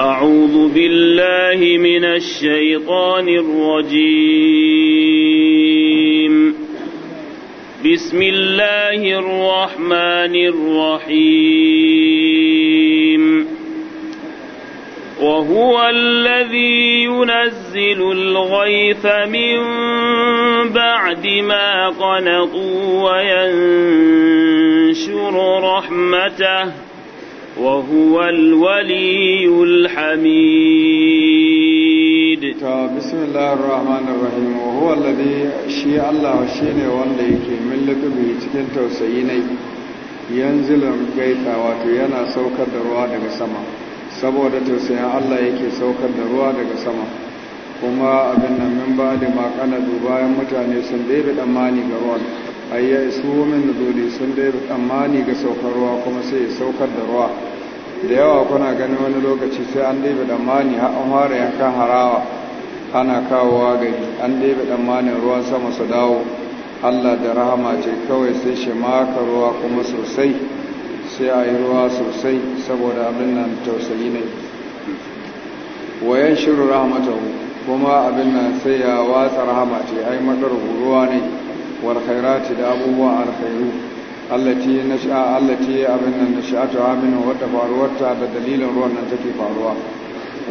أعوذ بالله من الشيطان الرجيم بسم الله الرحمن الرحيم وهو الذي ينزل الغيث من بعد ما قنطوا وينشر رحمته وهو الولي الحميد بسم الله wanda yake mallaka cikin tausayi ne yanzilan wato yana saukar da ruwa daga sama saboda tausayin Allah yake saukar da ruwa daga sama kuma abin nan min da makana bayan mutane sun ɗebe damani ga ruwan ayya su min dole sun dai tsammani ga saukar ruwa kuma sai ya saukar da ruwa da yawa kuna ganin wani lokaci sai an dai tsammani har an fara yankan harawa ana kawowa gari an dai tsammanin ruwan sama su dawo Allah da rahama ce kawai sai shi maka ruwa kuma sosai sai a yi ruwa sosai saboda abin nan tausayi ne wayan shirin rahmatahu kuma abin nan sai ya watsa rahama ce ai madar ruwa ne wal da abubuwa alkhairu allati nasha allati abin nan nashatu faruwarta da dalilin ruwan nan take faruwa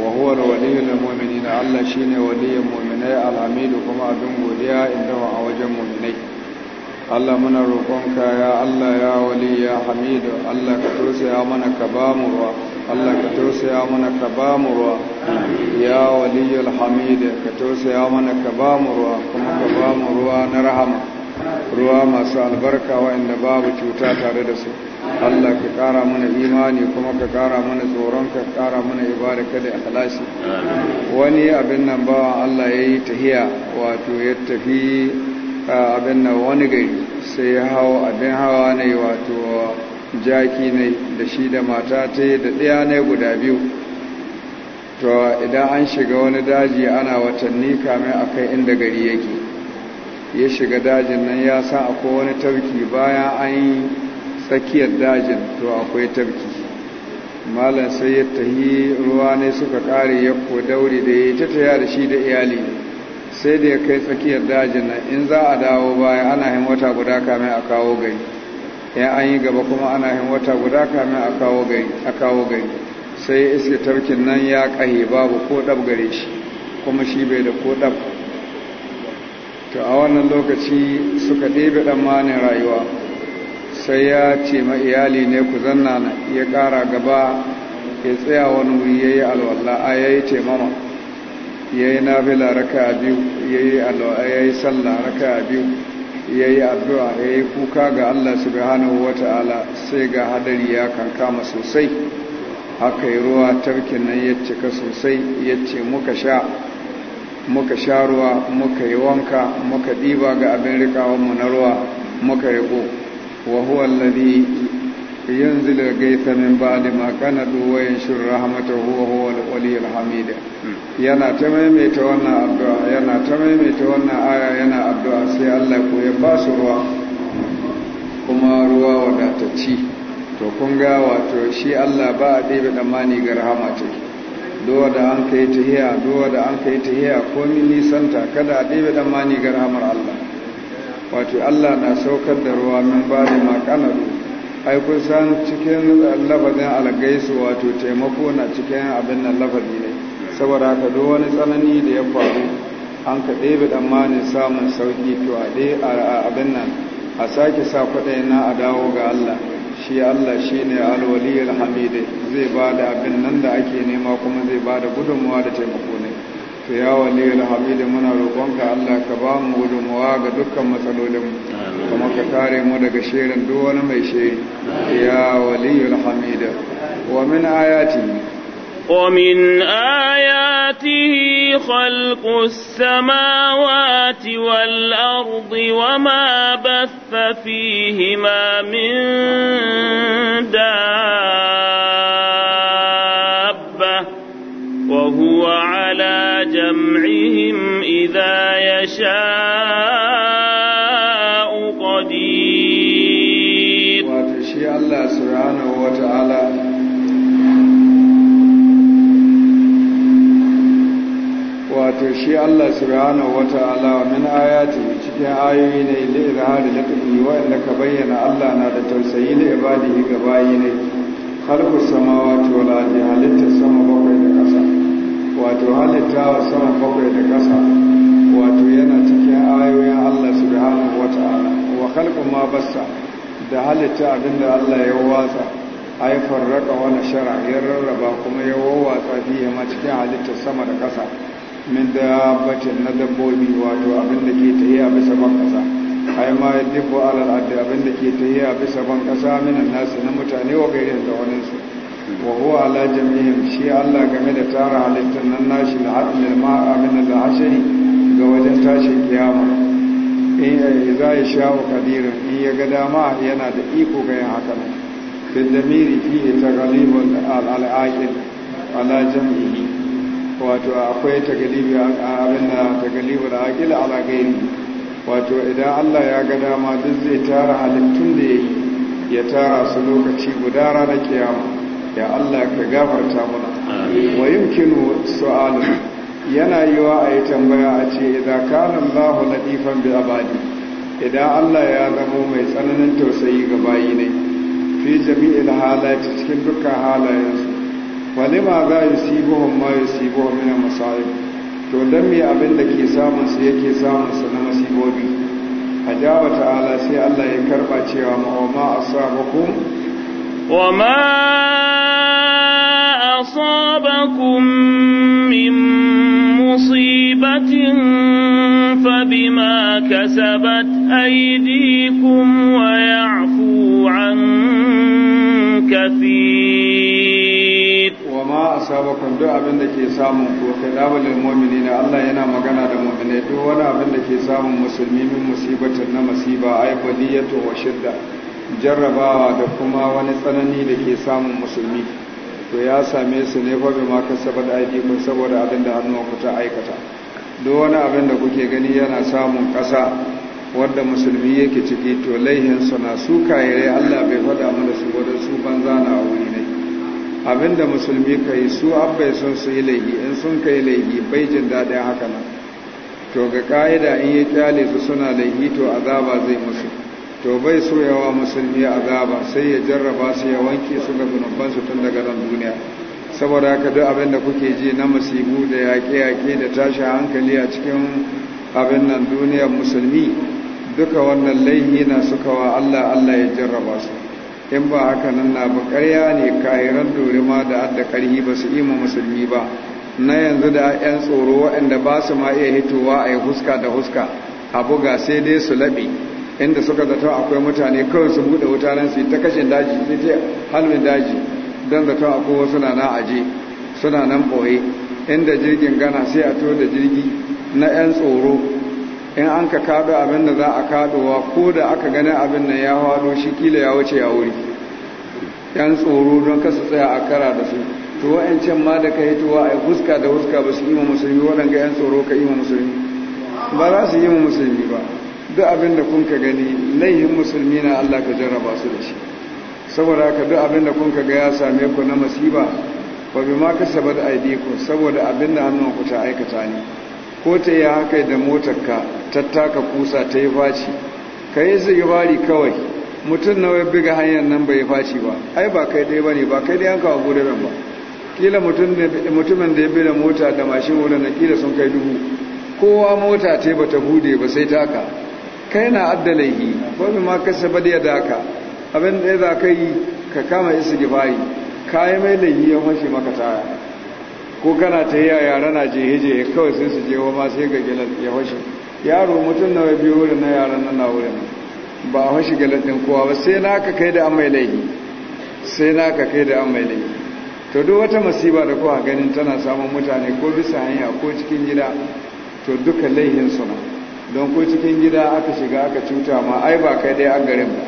wa huwa waliyul mu'minina Allah shine waliyul mu'minai alhamidu kuma abin godiya inda a wajen mu'minai Allah muna roƙonka ya Allah ya wali ya hamidu Allah ka tausaya ka ba mu ruwa ka tausaya ruwa ya ka ka ka ruwa na rahma. ruwa masu albarka wa'anda babu cuta tare da su Allah ka kara mana imani kuma ka kara mana tsoron ka kara mana ibada kada ya halashi wani abin nan bawa Allah ya yi tahiya wato ya tafi abin nan wani gari sai ya hawa abin hawa ne wato jaki ne da shi da mata ta da ɗaya ne guda biyu to idan an shiga wani daji ana watanni kamin a kai inda gari yake ya shiga dajin nan ya sa akwai wani tarki bayan an yi tsakiyar dajin to akwai tarki malam sai ya tahi ruwa ne suka kare ya ko daure da ya ta taya da shi da iyali sai da ya kai tsakiyar dajin nan in za a dawo baya ana yin wata guda kamin a kawo gari ya an yi gaba kuma ana yin wata guda kamin a kawo gari sai iske tarkin nan ya kahe babu ko ɗab gare shi kuma shi bai da ko ɗab. to a wannan lokaci suka ɗebe ɗammanin rayuwa sai ya ce ma iyali ne ku zanna ya ƙara gaba ya tsaya wani wuri ya yi alwallah a ya yi taimama ya yi nafila raka a biyu ya yi ya yi sallah raka a biyu ya yi addu'a ya yi kuka ga Allah su wa wata'ala sai ga hadari ya kankama sosai haka yi ruwa tarkin nan ya cika sosai ya ce muka sha muka sha ruwa muka yi wanka muka ɗiba ga abin mu na ruwa muka riko wa huwa alladhi ينزل الغيث من بعد ما كنتوا huwa رحمته وهو الولي الحميد yana ta maimaita wannan addu'a yana ta maimaita wannan aya yana addu'a sai Allah ko ya ba su ruwa kuma ruwa wadatacci to kun ga wato shi Allah ba a ɗebe damani ga rahama take duwa da an kai tahiya duwa da an kai tahiya komin nisanta kada a ɗebe dan mani ga rahamar Allah wato Allah na saukar da ruwa min ba da makanaru ai san cikin lafazin algaisu wato taimako na cikin abin nan lafazi ne saboda haka duk wani tsanani da ya faru an ka ɗebe dan mani samun sauki to a abin nan a sake sa kwaɗayi na a dawo ga Allah shi Allah shi ne alwaliyar hamide zai ba da abin nan da ake nema kuma zai ba da gudunmuwa da taimako ne to ya waliyar hamide muna roƙonka Allah ka ba mu gudunmuwa ga dukkan matsalolinmu kuma ka kare mu daga shirin duk wani mai shiri ya waliyar hamide wa min ayati wa min ayati آياته خلق السماوات والأرض وما بث فيهما من دار wato shi Allah subhanahu wata'ala min ayati cikin ayoyi ne li izhari laqi wa'anda ka bayyana Allah na da tausayi li ibadihi ga bayi ne khalqu sama wato ardi halitta sama bakwai da kasa wato halitta sama bakwai da kasa wato yana cikin ayoyin Allah subhanahu wata'ala wa halku ma bassa da halitta abinda Allah ya watsa ai farraka wani shara ya rarraba kuma ya wawwatsa fiye ma cikin halitta sama da kasa min da bace na dabbobi wato abin da ke a bisa ban kasa ai ma yadibbu alal adda, abin da ke a bisa ban kasa minan nasu na mutane wa gairin da wani su wa huwa ala jami'in shi Allah game da tara halittar nan nashi la'adil ma min da hashari ga wajen tashin kiyama in eh, za ya sha wa kadirin in ya ga dama yana da iko ga yin haka nan fi damiri fi ta galibin al'aƙil ala wato akwai tagalibi abin da tagalibi da aƙila ala wato idan Allah ya ga dama duk zai tara halittun da ya yi ya tara su lokaci guda rana kiyama ya Allah ka gafarta muna wa su su'alu yana yiwa a yi tambaya a ce idan lahu na ɗifan bi abadi idan Allah ya zama mai tsananin tausayi ga bayi ne fi jami'in halati cikin dukkan halayensu falima za yusibuhum ma yusibuhum min masa'ib to dan me abin da ke samun su yake samun su na masibobi ajaba ta'ala sai Allah ya karba cewa ma asabakum wa ma asabakum min musibatin fabima kasabat aydikum wa ya'fu an kathir asabakum duk abin da ke samun ku khidabul mu'minina Allah yana magana da mu'minai duk wani abin da ke samun musulmi min musibatin na masiba ay baliyatu wa shidda jarrabawa da kuma wani tsanani da ke samun musulmi to ya same su ne fa bi ma kasabat aydikum saboda abin da ku ta aikata duk wani abin da kuke gani yana samun kasa wanda musulmi yake ciki to laihin na su kayere Allah bai faɗa mana su banza na wuri ne Abin da musulmi ka yi su abbai sun su yi laihi in sun ka yi laihi bai jin daɗin haka nan to ga ƙa'ida in yi ƙyale su suna laihi to azaba zai musu to bai so yawa musulmi azaba sai ya jarraba su ya wanke su ga zunubansu tun daga nan duniya saboda haka duk abin da kuke ji na musibu da yaƙe-yaƙe da tashi hankali a cikin abin nan duniyar musulmi duka wannan laihi na suka wa Allah Allah ya jarraba su in ba haka nan na ba ƙarya ne kahiran ma da adda ƙarhi ba su ima musulmi ba na yanzu da 'yan tsoro waɗanda ba su ma iya hitowa a yi huska da huska a buga sai dai su laɓe inda suka zato akwai mutane kawai su buɗe wuta nan su ta kashin daji sai ce halin daji don zato akwai wasu na na suna nan ɓoye inda jirgin gana sai a to da jirgi na 'yan tsoro in an ka kado abin da za a kadowa ko da aka gani abin nan ya hado shi kila ya wuce ya wuri yan tsoro don kasa tsaya a kara da su to wa'ancan ma da ka hitowa a fuska da fuska ba su yi ma musulmi waɗanda yan tsoro ka yi ma musulmi ba za su yi ma musulmi ba duk abin da kun ka gani laihin musulmi na allah ka jarraba su da shi saboda ka duk abin da kun ka ga ya same ku na masiba ba bi ma kasa ba da ku saboda abin da hannun ku ta aikata ne ko ta yi haka da motarka tattaka kusa ta yi faci ka yi zigibari kawai mutum na wai biga hanyar nan bai faci ba ai ba kai dai ba ne ba kai dai an kawo gudunan ba kila mutumin da ya bi da mota da mashin wurin na kila sun kai dubu kowa mota ce ba ta bude ba sai taka kai na addalaihi ko bi ma kasa ba da daka abin da ya za ka yi ka kama isa gibari yi mai laifi ya fashe maka taya ko kana ta yi a yara na jehe-jehe kawai sai su je ma sai ga gilas ya washe yaro mutum na wabi biyu wurin na yaran nan na wurin ba a washe gilas ɗin kowa ba sai na ka kai da an mai laihi sai na ka kai da an mai laihi to duk wata masiba da kowa ganin tana samun mutane ko bisa hanya ko cikin gida to duka laihin suna don ko cikin gida aka shiga aka cuta ma ai ba kai dai an garin ba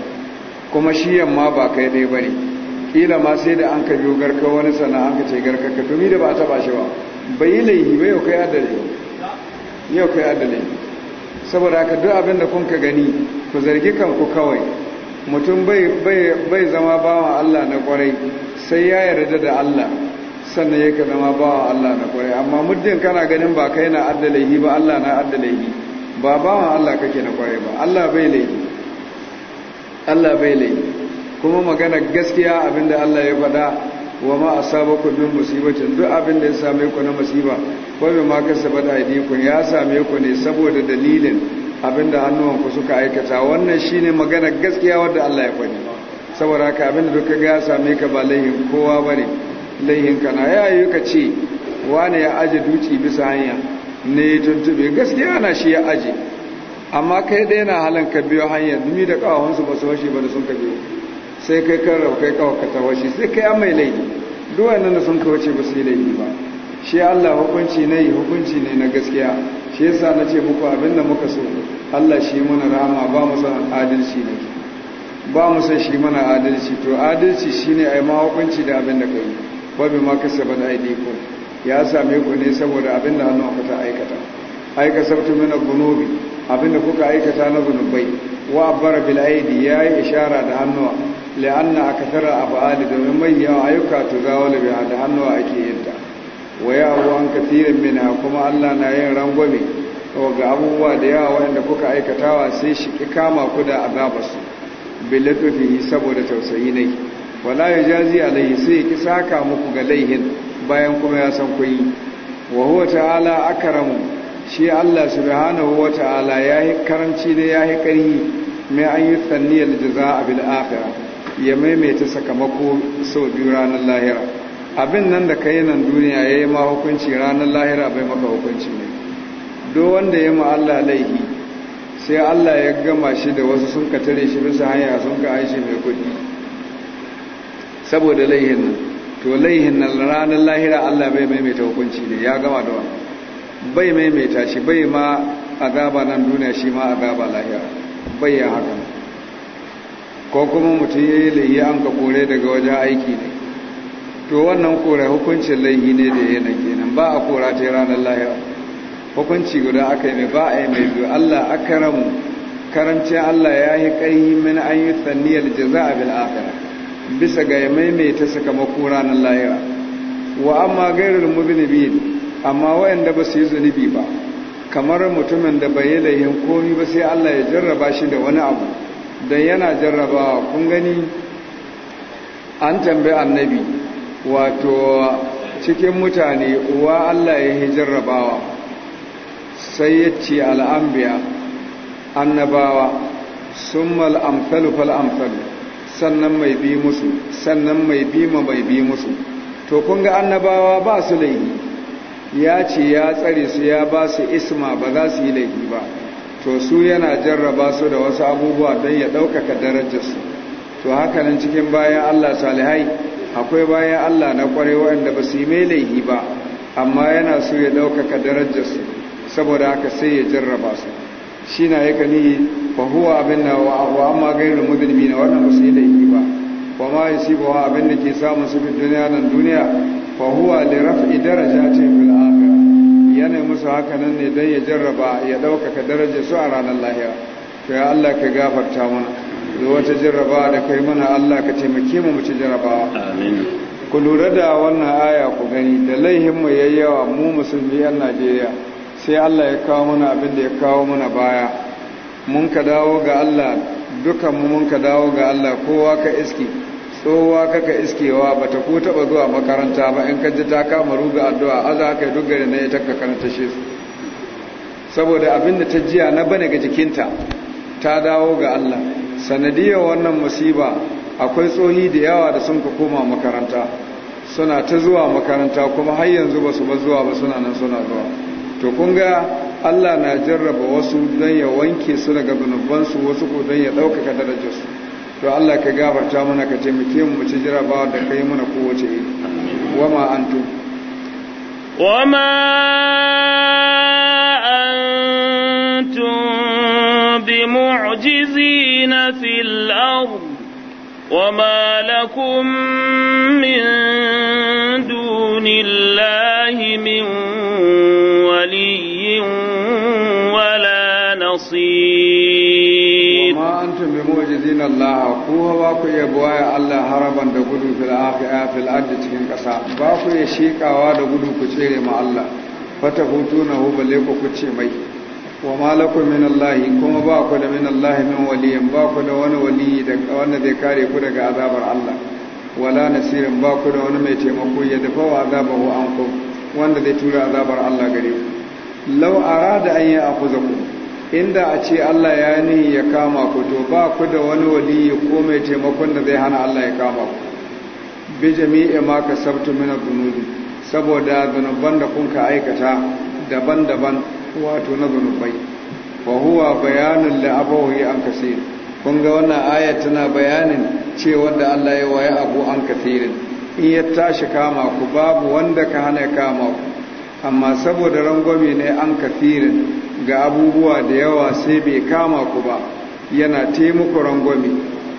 kuma shi yamma ba kai dai ne. kila ma sai da an ka biyo garka wani sana an ka ce garka ka tumi da ba ta ba shi ba bai yi laihi ba yau kai adalai yau kai adalai saboda ka duk abin da kun ka gani ku zargi kanku kawai mutum bai zama bawa Allah na kwarai sai ya yarda da Allah sannan ya ka zama bawa Allah na kwarai amma muddin kana ganin ba kai na adalai ba Allah na adalai ba bawa Allah kake na kwarai ba Allah bai laihi Allah bai laihi kuma magana gaskiya abinda Allah ya faɗa wa ma ku min musibatin duk abin da ya same ku na musiba ko bai ma idi aydikum ya same ku ne saboda dalilin abinda hannuwan ku suka aikata wannan shine magana gaskiya wanda Allah ya faɗi saboda haka abinda duk kaga ya same ka ba laihin kowa bane laihin kana ya yi ka ce wani ya aje duci bisa hanya ne tuntube gaskiya na shi ya aje amma kai dai na halin ka biyo hanya dumi da kawahunsu ba su washe ba da sun ka biyo sai kai kan raukai kai ta washe shi sai kai an mai laifi nan da sun kawace ba su yi laifi ba shi Allah hukunci ne hukunci ne na gaskiya shi yasa na ce muku abin da muka so Allah shi mana rahama ba mu san adalci ne ba mu san shi mana adalci to adalci a yi ma hukunci da abin da kai ba bi ma ba da aidi ko ya same ku ne saboda abin da hannun ta aikata aika sabtu min al abin da kuka aikata na zunubai wa abara bil aidi yayi ishara da hannuwa la'anna akthara af'ali domin mai yawa ayyuka tuzawala bi da hannu ake yinta. ta wa yawa an kathirin minha kuma Allah na yin rangwame ga abubuwa da yawa wanda kuka aikatawa sai shi ki kama ku da azabarsu bilatufihi saboda tausayi ne wala yajazi alaihi sai ki saka muku ga laihin bayan kuma ya san kuyi. wa huwa ta'ala akramu shi Allah subhanahu wa ta'ala yayi karanci da yayi karhi mai an yi tsanniyar jaza'a bil akhirah ya maimaita sakamako sau biyu ranar lahira abin nan da ka yi nan duniya ya yi ma hukunci ranar lahira bai maka hukunci ne do wanda ya ma Allah laihi sai Allah ya gama shi da wasu sun ka tare shi bisa hanya sun ka aishi mai kuɗi saboda laihin nan to laihin nan ranar lahira Allah bai maimaita hukunci ne ya gama da wani bai maimaita shi bai ma gaba nan duniya shi ma gaba lahira bai ya haka ko kuma mutum ya yi laihi an ka kore daga wajen aiki ne to wannan kore hukuncin laihi ne da yana kenan ba a kora ta ranar lahira hukunci guda aka yi mai ba a yi mai biyu allah karamu karamcin allah ya yi ƙaihi min an yi tsanniyar jaza a bil bisa ga ya maimaita sakamako ranar lahira wa amma gairar mubinibin amma wayanda ba su yi zunubi ba kamar mutumin da bai yi laihin komi ba sai allah ya jarraba shi da wani abu don yana jarrabawa kun gani an tambayi annabi wato cikin mutane uwa Allah ya yi jarrabawa sai ya ce al'ambiya annabawa sun mal'amfalu fal'amfalu sannan mai bi musu sannan mai bi ma mai bi musu to kunga annabawa ba su laihi ya ce ya tsare su ya ba su isma ba za su yi laihi ba to su yana jarraba su da wasu abubuwa don ya ɗaukaka darajarsu to hakanan cikin bayan Allah salihai akwai bayan Allah na ƙwarewa inda ba su yi mai laihi ba amma yana so ya ɗaukaka darajarsu saboda haka sai ya jarraba su shi na ya kani ba huwa abin na wa amma gairu mudulmi na wannan ba su yi laihi ba ba ma yi abin da ke samun su fi duniya nan duniya fa huwa raf'i darajatin fil yana musu hakanan ne don ya jarraba ya ɗaukaka daraja su a ranar lahira to ya Allah ka gafarta mana da wata jarraba da kai mana Allah ka taimake mu ci jarrabawa ku lura da wannan aya ku gani da laihin mu yayyawa mu musulmi yan Najeriya sai Allah ya kawo mana abin da ya kawo mana baya mun ka dawo ga Allah dukan mu mun ka dawo ga Allah kowa ka iski tsohuwa kaka iskewa ba ta ko taɓa zuwa makaranta ba in kaji ta kama ruga addu'a a za ka yi duk gari na ita ka karanta shi saboda abin da ta jiya na bane ga jikinta ta dawo ga Allah sanadiyar wannan musiba akwai tsohi da yawa da sun ka koma makaranta suna ta zuwa makaranta kuma har yanzu ba su ba zuwa ba suna nan suna zuwa to kun ga Allah na jarraba wasu don ya wanke su daga zunubansu wasu ko don ya ɗaukaka darajarsu to Allah ka gafarta mana ka taimake mu mu jira ba da kai mana kowace iri wama antum wama antum bimu'jizina fil ard wama lakum min dunillahi min waliyyin wala nasir antum bi mu'jizin Allah ku ba ku ya buwaya Allah haraban da gudu fil akhirah fil ardi cikin kasa ba ku ya shikawa da gudu ku tsere ma Allah fatahutuna hu balle ku ku ce mai wa malaku min Allah kuma ba ku da min Allah min waliyin ba ku da wani wali da wanda zai kare ku daga azabar Allah wala nasirin ba ku da wani mai taimako ya dafa wa azabahu ku wanda zai tura azabar Allah gare ku law arada an a ya'khuzakum inda a ce Allah ya ni ya kama ku to ba ku da wani waliyi ko mai taimakon da zai hana Allah ya kama ku bi jami'i ma ka sabtu min dhunubi saboda zunuban da kun ka aikata daban-daban wato na zunubai. wa huwa bayanin da an kaseer kun ga wannan aya tana bayanin ce wanda Allah ya waya abu an kaseerin in ya tashi kama ku babu wanda ka hana kama ku amma saboda rangwame ne an kafirin ga abubuwa da yawa sai bai kama ku ba yana taimako rangwame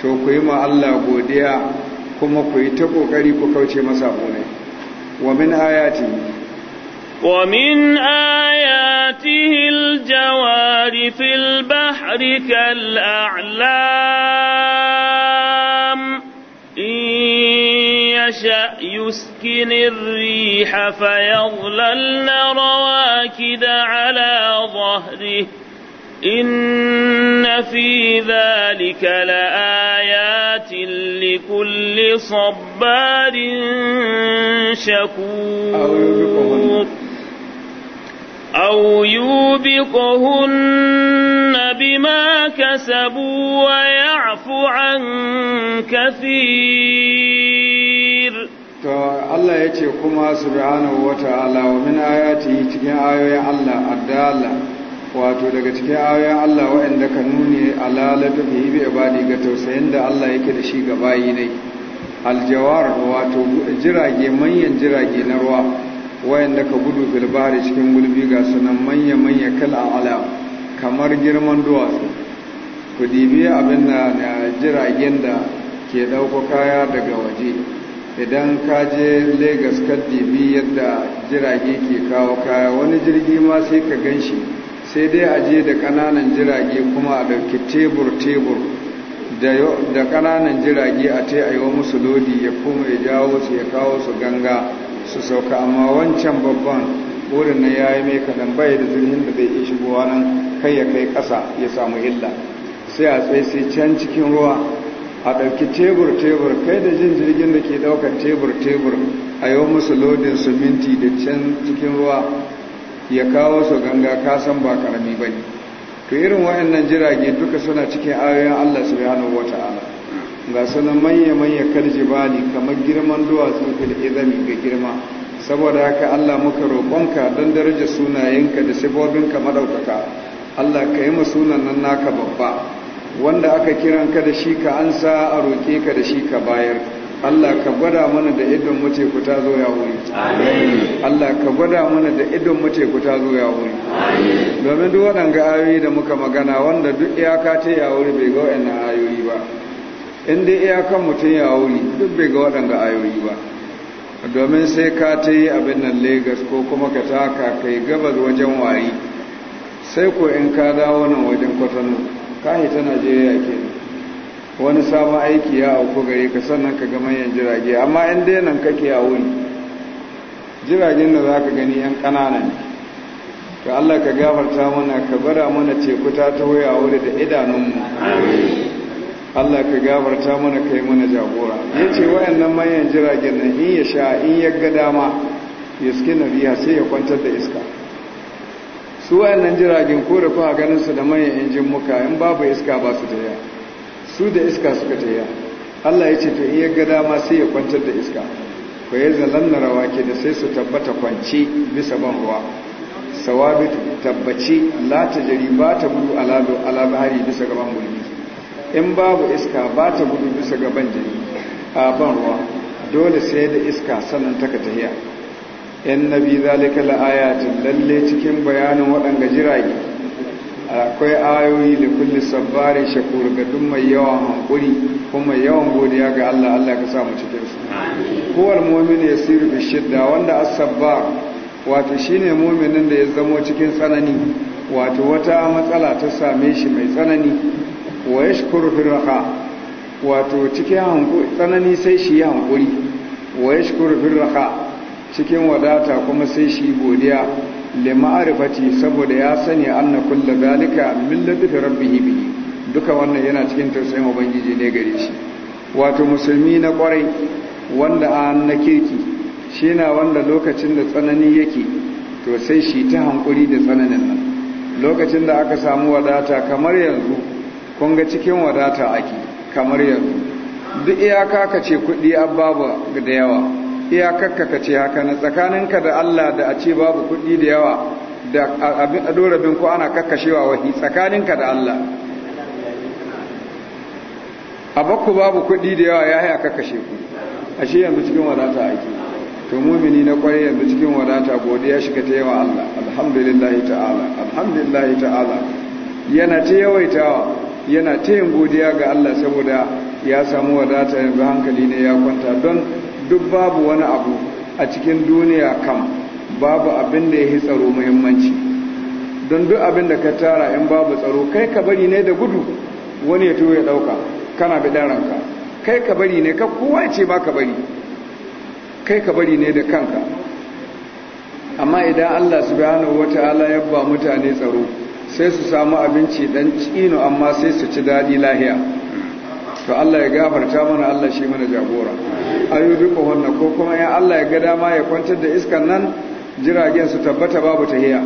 to ku yi ma Allah godiya kuma ku yi ta ƙoƙari ku kauce masa ne wa min ayati ayati آياته fil bahri البحر كالأعلام يشأ يسكن الريح فيظللن رواكد على ظهره إن في ذلك لآيات لكل صبار شكور أو يوبقهن بما كسبوا ويعفو عن كثير to Allah ya ce kuma subhanahu wa ta'ala wa min ayati cikin ayoyin Allah addala wato daga cikin ayoyin Allah waɗanda ka nuni ala latufi bi ibadi ga tausayin da Allah yake da shi ga bayi ne aljawar wato jirage manyan jirage na ruwa waɗanda ka gudu bilbari cikin gulbi ga sunan manya manya kala ala kamar girman duwatsu ku dibi abin da jiragen da ke ɗauko kaya daga waje idan ka je lagos ka dibi yadda jirage ke kawo kaya wani jirgi ma sai ka gan shi sai dai a je da kananan jirage kuma a ɗauki tebur-tebur da kananan jirage a ta yi wa musu lodi ya kuma ya jawo su ya kawo su ganga su sauka amma wancan babban wurin na ya yi mai kaɗan bai da zirgin da zai iya shigowa nan kai ya kai ƙasa ya samu illa sai a tsaye sai can cikin ruwa a ɗauki tebur-tebur kai da jin jirgin da ke ɗaukar tebur-tebur a yau musu lodin su minti da can cikin ruwa ya kawo su ganga kasan ba karami ba ne to irin wayannan jirage duka suna cikin ayoyin allah su na wata ta'ala ga sunan manya-manya ne kamar girman duwatsu fil izami ga girma saboda haka allah muka roƙonka don daraja sunayenka da sibobinka madaukaka allah ka yi ma nan naka babba wanda aka kiran ka da shi ka ansa a roƙe ka da shi ka bayar Allah ka gwada mana da idon mace ku ta zo ya wuri Allah ka gwada mana da idon mace ku ta zo ya wuri domin duk waɗanga ayoyi da muka magana wanda duk iyaka ta ya wuri bai ga waɗanda ayoyi ba in dai iyakan mutum ya wuri duk bai ga waɗanga ayoyi ba domin sai ka ta yi abin nan Legas ko kuma ka taka kai gabas wajen wayi sai ko in ka dawo nan wajen kwatano kayi ta najeriya ke wani sabon aiki ya auku gare ka sannan ka ga manyan jirage amma in dai nan kake a wuri jiragen da za ka gani yan kanana ne to allah ka gafarta mana ka bara mana teku ta taho wuri da idanunmu allah ka gafarta mana kai mana jagora yace ce wayannan manyan jiragen nan in ya sha in ya ga dama ya skina sai ya kwantar da iska su wayannan jiragen ko da kuma ganin su da manyan injin muka in babu iska ba su tafiya su da iska suka tafiya Allah ya ce to in ya ga dama sai ya kwantar da iska ko ya zalanna rawaki da sai su tabbata kwanci bisa ban ruwa sawabi tabbaci la ta jari ba ta gudu alado alabari bisa gaban gulbi in babu iska ba ta gudu bisa gaban jari a ban ruwa dole sai da iska sannan taka tahiya yan nabi zalika la'ayatin lalle cikin bayanin waɗanga jirage akwai ayoyi da kulle sabbarin shakur ga duk mai yawan hankuri ko mai yawan godiya ga Allah Allah ka samu cikin su kowar mu'min ya siru bi shidda wanda a sabbar wato shine mu'minin da ya zamo cikin tsanani wato wata matsala ta same shi mai tsanani wa yashkuru fi raha wato cikin hankuri tsanani sai shi yi hankuri wa yashkuru fi raha cikin wadata kuma sai shi godiya lima'arifati saboda ya sani anna kulla zalika min ladafi rabbihi bihi duka wannan yana cikin tausayin ubangiji ne gare shi wato musulmi na kwarai wanda an na kirki shi na wanda lokacin da tsanani yake to sai shi ta hankuri da tsananin nan lokacin da aka samu wadata kamar yanzu kun ga cikin wadata ake kamar yanzu duk iyaka ka ce kuɗi ababa da yawa iya ka ce haka na tsakaninka da Allah da a ce babu kuɗi da yawa da abin adorabin ko ana kakkashewa wahi tsakaninka da Allah a bakku babu kuɗi da yawa ya haya kakkashe ku ashe yanzu cikin wadata ake to mumini na kwarai yanzu cikin wadata godiya shiga ta yawa Allah alhamdulillahi ta'ala alhamdulillahi ta'ala yana ta yawaitawa yana ta yin godiya ga Allah saboda ya samu wadata yanzu hankali ne ya kwanta don duk babu wani abu a cikin duniya kam babu abin da ya yi tsaro muhimmanci don duk abin da ka tara in babu tsaro kai ka bari ne da gudu wani ya to ya ɗauka kana bi ranka kai ka bari ne ka kowa ce ba ka bari kai ka bari ne da kanka amma idan Allah su subhanahu wata ya yabba mutane tsaro sai su samu abinci dan cino amma sai su ci daɗi lahiya to Allah ya gafarta mana Allah shi mana jagora ayyuka wannan ko kuma ya Allah ya ga dama ya kwantar da iskan nan jiragen su tabbata babu tahiya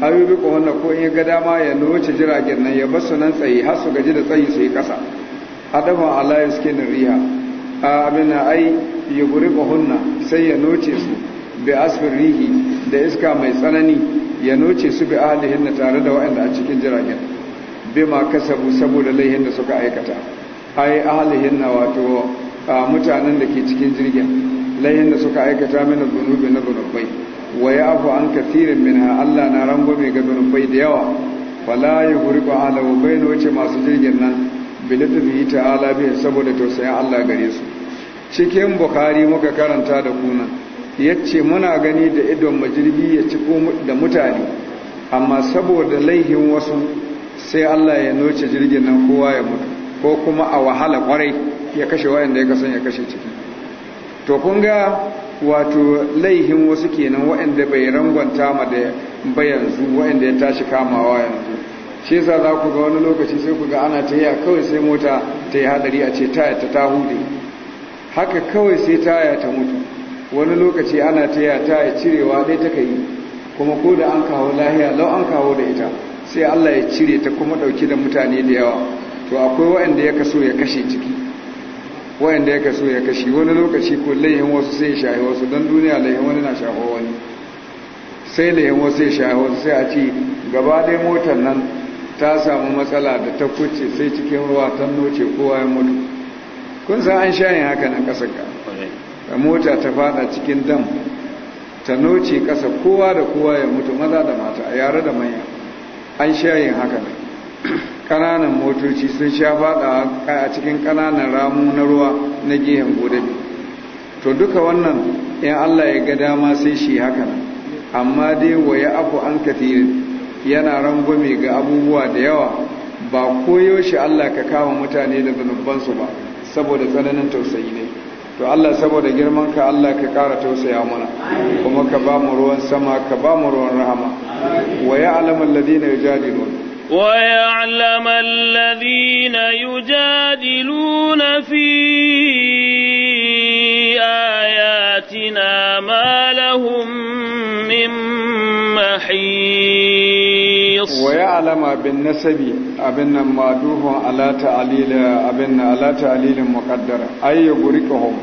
ayyuka wannan ko in ya ga dama ya noce jiragen nan ya bar su nan tsayi har su gaji da tsayi su yi kasa adama Allah ya riya a amina ai yugriqu hunna sai ya noce su bi asfin rihi da iska mai tsanani ya noce su bi ahlihin tare da waɗanda a cikin jiragen Bi ma kasabu saboda laihin da suka aikata ai ahalihin na wato mutanen da ke cikin jirgin layin da suka aikata mana zunubi na zunubai wa ya afu an kafirin min ha Allah na rango mai ga zunubai da yawa wala ya guri ba ala wa bai wuce masu jirgin nan ta ala bihin saboda tausayin Allah gare su cikin bukari muka karanta da kuna, ya muna gani da idon majirbi ya ciko da mutane amma saboda laihin wasu sai Allah ya noce jirgin nan kowa ya mutu ko kuma a wahala kwarai ya kashe wayanda ya kasan ya kashe ciki to kun ga wato laihin wasu kenan waɗanda bai rangwanta ma da bayanzu waɗanda ya tashi kamawa yanzu shi yasa za ku ga wani lokaci sai ku ga ana ta yi kawai sai mota ta yi hadari a ce taya ta ta hude haka kawai sai taya ta mutu wani lokaci ana ta yi taya cirewa dai ta yi kuma ko da an kawo lahiya lau an kawo da ita sai Allah ya cire ta kuma ɗauki da mutane da yawa to akwai wa'anda ya kaso ya kashe ciki wa'anda ya kaso ya kashe wani lokaci ko laihin wasu sai shahi wasu don duniya laihin wani na shaho wani sai laihin wasu sai shahi wasu sai a ci gaba dai motar nan ta samu matsala da ta kuce sai cikin ruwa ta noce kowa ya mutu kun san an shayin haka nan ga ka mota ta fada cikin dam ta noce kasa kowa da kowa ya mutu maza da mata a yare da manya an shayin haka nan kananan motoci sun sha fada a cikin ƙananan ramu na ruwa na gehen godabi to duka wannan in Allah ya ga dama sai shi hakan amma dai waya afu an katirin yana rangwame ga abubuwa da yawa ba koyaushe Allah ka kama mutane da zunubansu ba saboda tsananin tausayi ne to Allah saboda girman ka Allah ka kara tausaya mana kuma ka ba mu ruwan sama ka ba mu ruwan rahama wa ya alamun ladina yujadilun ويعلم الذين يجادلون في آياتنا ما لهم من محيص ويعلم بالنسب أبن مادوه على تعليل أبن على تعليل مقدر أي يغرقهم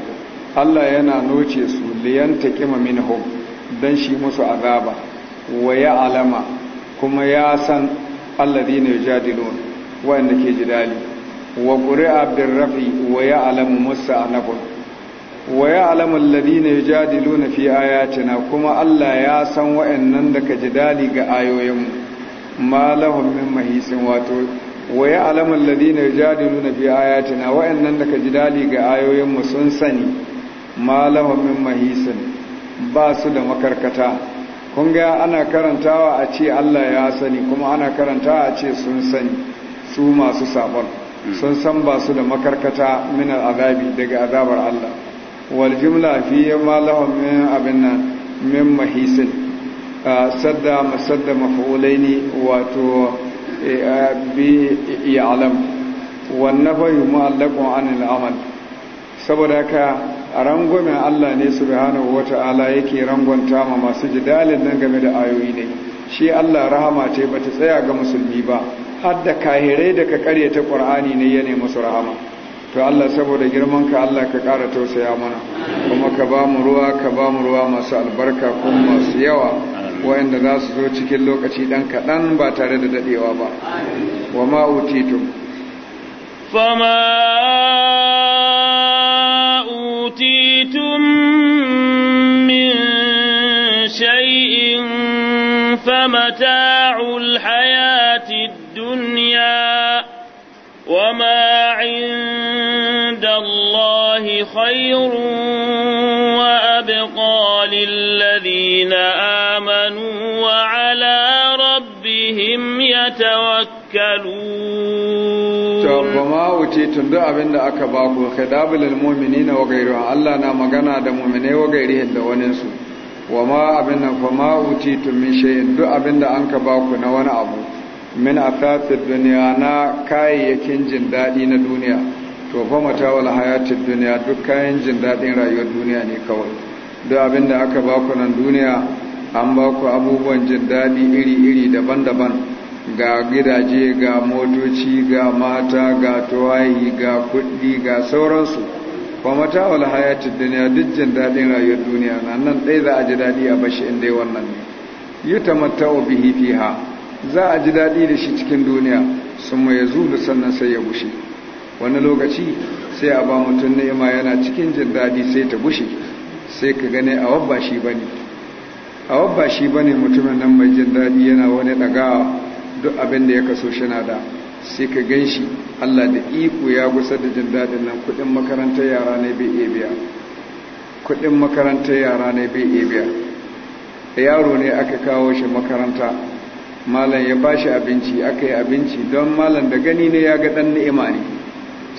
Allah yana noce su liyanta kima minhum don shi musu azaba wa ya alama kuma ya san alladhina yujadilun wa'anda ke jidali wa qur'a bir rafi wa ya'lamu musta'anabun wa ya'lamu alladhina yujadiluna fi ayatina kuma Allah ya san wa'annan da ka jidali ga ayoyin ma lahum min mahisin wato wa ya'lamu alladhina yujadiluna fi ayatina wa'annan da ka jidali ga ayoyin mu sun sani ma lahum min mahisin ba su da makarkata kun ga ana karantawa a ce Allah ya sani kuma ana karantawa a ce sun sani su masu sabon sun san ba su da makarkata min azabi daga azabar Allah wal jumla fi ma lahum min abin nan min mahisin sadda masadda maf'ulaini wato e, bi ya'lam wan nafyu mu'allaqun anil amal saboda ka a rangwamen Allah ne subhanahu wata'ala yake ta ma masu jidalin nan game da ayoyi ne shi Allah rahama ce bata tsaya ga musulmi ba har da kahirai da ka karya ta Qur'ani ne ya ne rahama to Allah saboda girman ka Allah ka kara tausaya mana kuma ka ba mu ruwa ka ba mu ruwa masu albarka kuma masu yawa wayanda za su zo cikin lokaci dan kaɗan ba tare da dadewa ba wa ma utitum fama فمتاع الحياة الدنيا وما عند الله خير وأبقى للذين آمنوا وعلى ربهم يتوكلون ترجمة وتيتن دو أبن دا خداب للمؤمنين وغيرها الله نا مغانا دا wa ma abin nan fa ma utitu min shay'in duk abin da ka ba ku na wani abu min afatir duniya na kayayyakin jin daɗi na duniya to fa mata wal hayatid duniya duk kayan jin daɗin rayuwar duniya ne kawai duk abin da aka ba ku nan duniya an ba ku abubuwan jin daɗi iri-iri daban-daban ga gidaje ga motoci ga mata ga tuwayi ga kuɗi ga sauransu wa mata wal hayatid duk jin dadin rayuwar duniya na nan dai za a ji dadi a bashi in dai wannan ne yutamatta'u bihi fiha za a ji dadi da shi cikin duniya mai zuwa sannan sai ya bushe wani lokaci sai a ba mutum ni'ima yana cikin jin dadi sai ta bushe sai ka gane a wabba shi bane a wabba shi bane mutumin nan mai jin dadi yana wani dagawa duk abin da ya kaso shi na da sai ka gan shi Allah da iko ya gusa da jin daɗin nan kuɗin makarantar yara ne bai iya biya kuɗin makarantar yara ne bai iya biya yaro ne aka kawo shi makaranta malam ya ba shi abinci aka yi abinci don malam da gani ne ya ga ɗan ni'ima ne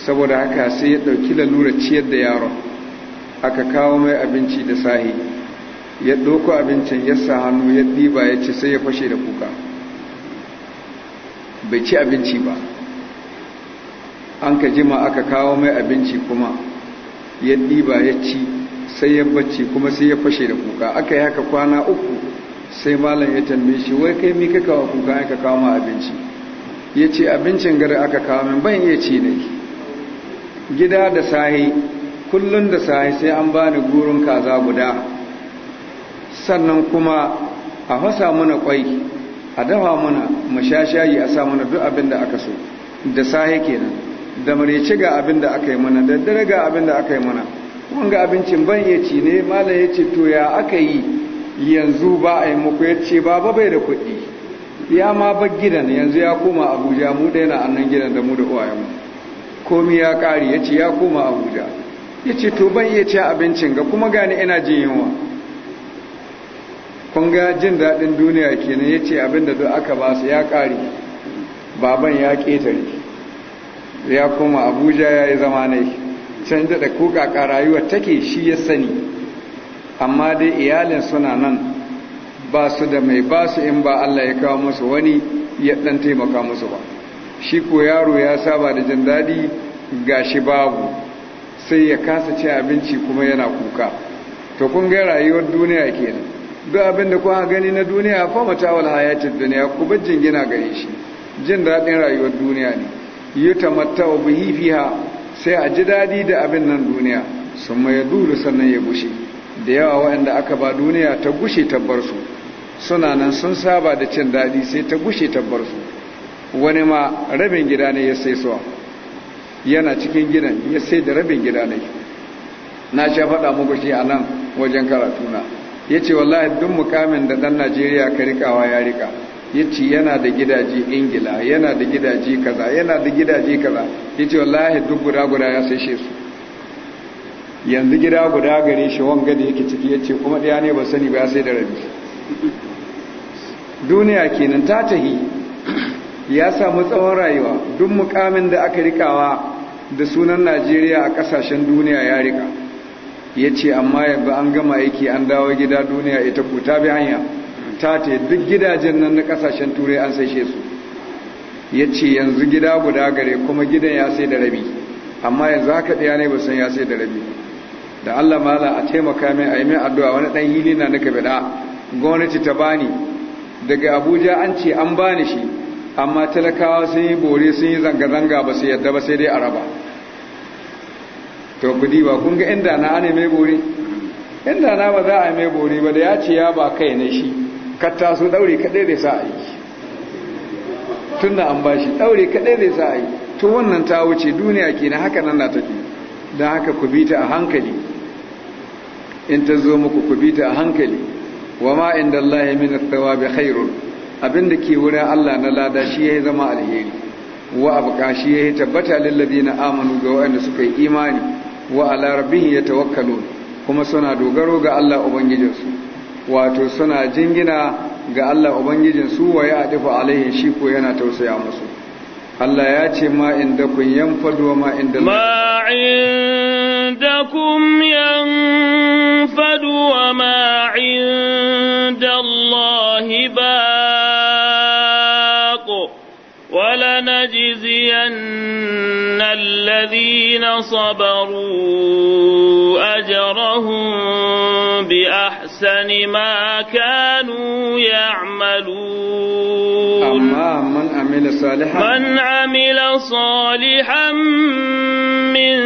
saboda haka sai ya ɗauki lalura ciyar da yaron aka kawo mai abinci da sahi ya ɗauko abincin ya sa hannu ya ɗiba ya ce sai ya fashe da kuka bai ci abinci ba an ka jima aka kawo mai abinci kuma ya ɗiba ya ci sai ya bacci kuma sai ya fashe da kuka aka yi haka kwana uku sai malam ya tambaye shi wai kai mika kawo kuka aka kawo ma abinci ya ce abincin gari aka kawo min ban iya ci ne gida da sahi kullum da sahi sai an bani gurin kaza guda sannan kuma a fasa mana kwai a dafa mana mu sha a sa mana duk abin da aka so da sahe kenan da marece ga abin da aka yi mana da dare ga abin da aka yi mana wanga abincin ban iya ci ne mala ya ce to ya aka yi yanzu ba a yi muku ya ce ba ba bai da kuɗi ya ma ba gidan yanzu ya koma abuja mu da yana annan gidan da mu da uwayenmu komi ya kari ya ce ya koma abuja ya ce to ban iya ci abincin ga kuma gani ina jin yunwa kun jin daɗin duniya kenan ya ce abinda duk aka ba su ya ƙari baban ya ƙetare ya koma abuja ya yi zama ne can daɗa kuka rayuwa take shi ya sani amma dai iyalin suna nan ba su da mai ba su in ba allah ya kawo musu wani ya ɗan taimaka musu ba shi ko yaro ya saba da jin daɗi ga shi babu sai ya kasa cin abinci kuma yana kuka to kun rayuwar duniya kenan duk abin da kuka gani na duniya fa mata wal hayatid dunya ku bar jingina gare shi jin dadin rayuwar duniya ne yutamatta'u bihi fiha sai a ji dadi da abin nan duniya summa duru sannan ya gushe da yawa waɗanda aka ba duniya ta gushe tabbar su suna nan sun saba da cin dadi sai ta gushe tabbar su wani ma rabin gida ne ya sai suwa yana cikin gidan ya sai da rabin gida ne na sha faɗa muku shi a nan wajen na. ya ce wallahi duk mukamin da ɗan najeriya ka rikawa ya rika ya ce yana da gidaje ingila yana da gidaje kaza yana da gidaje kaza ya ce wallahi duk guda guda ya sai su yanzu gida guda gare shi wanga da yake ciki ya ce kuma ɗaya ne ba sani ba ya sai da rabi duniya kenan ta tahi ya samu tsawon rayuwa duk mukamin da aka rikawa da sunan najeriya a ƙasashen duniya ya rika ya ce amma yanzu an gama aiki an dawo gida duniya ita ku ta bi hanya ta te duk gidajen nan na kasashen turai an sai su ya ce yanzu gida guda gare kuma gidan ya sai da rabi amma yanzu haka ɗaya ne ba san ya sai da rabi da allah mala a taimaka min a yi min addu'a wani ɗan hili na nika gwamnati ta bani daga abuja an ce an bani shi amma talakawa sun yi bore sun yi zanga-zanga ba su yadda ba sai dai a raba to kudi ba kun ga inda na ne mai bore inda na ba za a mai bore ba da ya ce ya ba kai na shi ka taso daure kadai da sa aiki tun da an bashi daure kadai da sa aiki to wannan ta wuce duniya na haka nan na tafi don haka ku bi ta a hankali in ta zo muku ku bi ta a hankali wa ma inda Allah min athawabi khairun abinda ke wurin Allah na lada shi ya zama alheri wa abuka shi ya tabbata lil ladina amanu ga wanda suka yi imani wa ala ya yatawakkalun kuma suna dogaro ga Allah ubangijinsu wato suna jingina ga Allah ubangijinsu wa ya adifu alaihi shi ko yana tausaya musu Allah ya ce ma inda kun yanfadu wa ma inda ma kun yanfadu wa ma inda Allah wala ولنجزين الذين صبروا أجرهم بأحسن ما كانوا يعملون أما من عمل صالحا من عمل صالحا من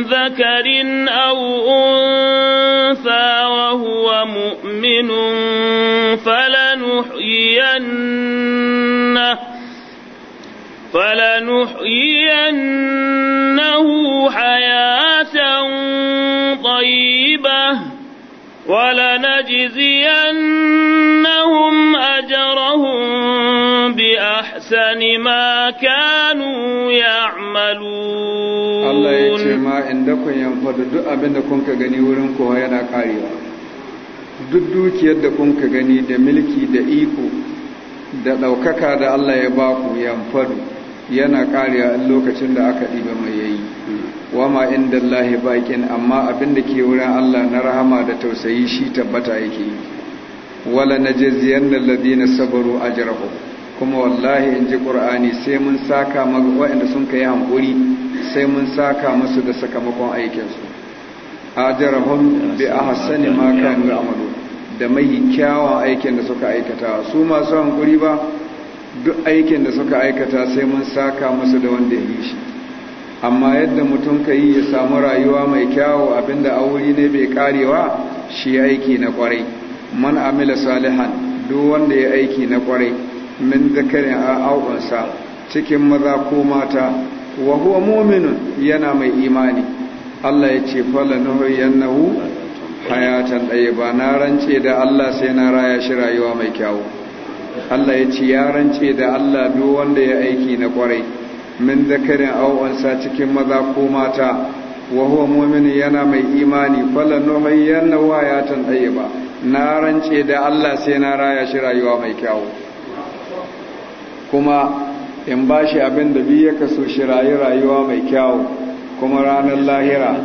ذكر أو أنثى وهو مؤمن فلنحيينه فلنحيينه حياة طيبة ولنجزينهم أجرهم بأحسن ما كانوا يعملون الله يجمع عندكم ينفض دعا بندكم كغني ورنكم هيدا كاريوا duk dukiyar da kun ka gani da milki da iko da ɗaukaka da Allah ya baku yamfadu yana karewa a lokacin da aka ɗiba mai yayi wama inda Lahi baƙin amma abin da ke wurin Allah na rahama da tausayi shi tabbata yake yi wala na jaziyar na sabaru a kuma wallahi in ji sai mun saka waɗanda sun ka yi hankuri sai mun saka masu da sakamakon aikinsu a jirahun bi a hassani ma kanu amalu da mai kyawun aikin da suka aikata su masu hankuri ba duk aikin da suka aikata sai mun saka musu da wanda ya yi shi amma yadda mutum ka yi ya samu rayuwa mai kyawo abinda a wuri ne bai karewa shi aiki na kwarai man amila salihan duk wanda ya aiki na kwarai min zakarin a aukunsa cikin maza ko mata wa huwa mu'minun yana mai imani Allah ya ce fala nuhiyannahu hayatan ɗaya ba na rance da Allah sai na raya shi rayuwa mai kyawo Allah ya ce ya rance da Allah duk wanda ya aiki na kwarai min zakarin auwansa cikin maza ko mata wa huwa mu'min yana mai imani fala ya wa hayatan ba na rance da Allah sai na raya shi rayuwa mai kyau kuma in bashi abin da bi ya so shi rayu rayuwa mai kyau kuma ranar lahira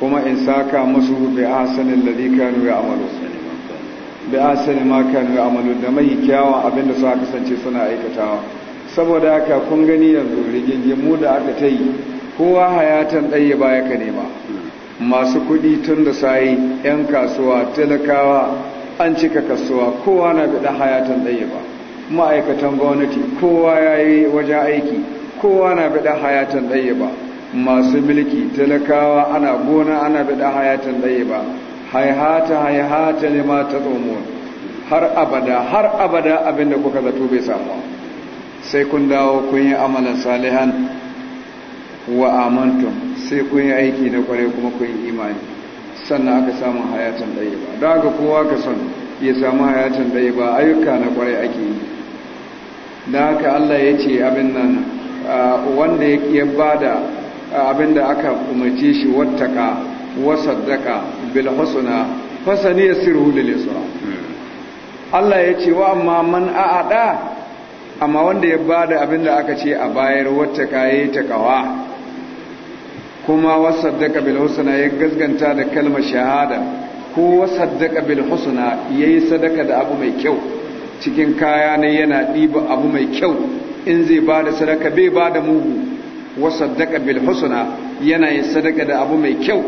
kuma in saka musu bi ahsanil ladhi kanu ya'malu a sani ma kanu amalu da mai kyawun abinda da suka kasance suna aikatawa saboda haka kun gani yanzu rigingimu da aka ta yi kowa hayatan ɗaya baya ka nema masu kuɗi tun da sayi 'yan kasuwa talakawa an cika kasuwa kowa na gada hayatan ɗaya ba ma'aikatan gwamnati kowa ya yi wajen aiki kowa na gada hayatan ɗaya ba masu mulki talakawa ana gona ana gada hayatan ɗaya ba ne ma ta tsomo har abada har abada abinda kuka zato bai samu sai kun dawo kun yi amalan salihan wa amantum sai kun yi aiki na kware kuma kun yi imani sannan aka samu hayatan ɗaya ba da haka kowa ka son ya samu hayatan ɗaya ba ayyuka na kware ake yi da haka allah ya ce abin nan ah, wanda ya bada ah, abinda aka umarce shi wattaka Wasaddaka bil husna fasani yasiru lil yusra Allah ya ce wa amma man aada amma wanda ya bada da aka ce a bayar wacce kaye ta kawa kuma wasaddaka bil husna ya gaskanta da kalmar shahada ko wasaddaka bil husna yayi sadaka da abu mai kyau cikin kaya ne yana ɗiba abu mai kyau in zai bada sadaka bai bada mugu wasaddaka bil husna yana yin sadaka da abu mai kyau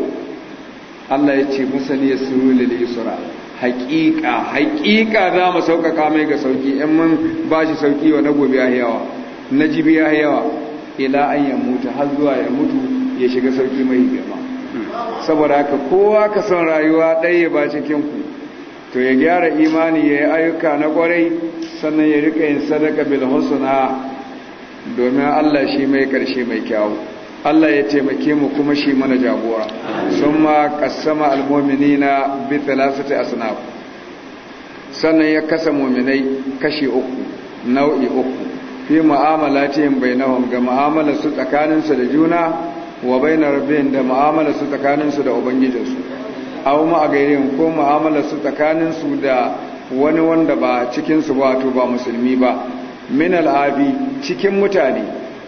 Allah ya ce fasali ya suru da yusra haƙiƙa haƙiƙa za mu sauƙaƙa mai ga sauki in mun ba shi sauƙi wa na gobe ya yawa na jibi ya yawa ila an ya mutu har zuwa ya mutu ya shiga sauƙi mai girma saboda haka kowa ka san rayuwa ɗaya ba cikin ku to ya gyara imani ya yi ayyuka na ƙwarai sannan ya riƙa yin sadaka bil husna domin Allah shi mai ƙarshe mai kyawu Allah ya taimake mu kuma shi mana jagora sun ma kasama na bi talasati asnaf sannan ya kasa muminai kashi uku nau'i uku fi mu'amalatihim bainahum ga mu'amalar su tsakaninsu da juna wa bainar rabin da mu'amalar su tsakanin da ubangijinsu aw ma gairin ko mu'amalar su tsakaninsu da wani wanda ba cikinsu ba to ba musulmi ba min al'abi cikin mutane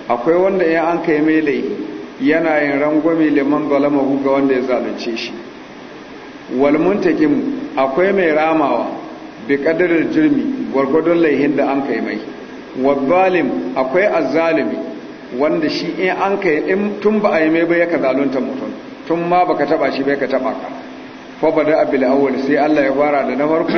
akwai wanda in an kai mai laifi yana yin rangwami liman zalamahu ga wanda ya zalunce shi walmuntakin akwai mai ramawa bi jirmi gwargwadon laihin da an kai mai wazalim akwai azzalimi wanda shi in an kai in tun ba a yi mai yaka zalunta mutum tun ma baka taba shi bai ka taba ka fa da abil awwal sai Allah ya fara da na farko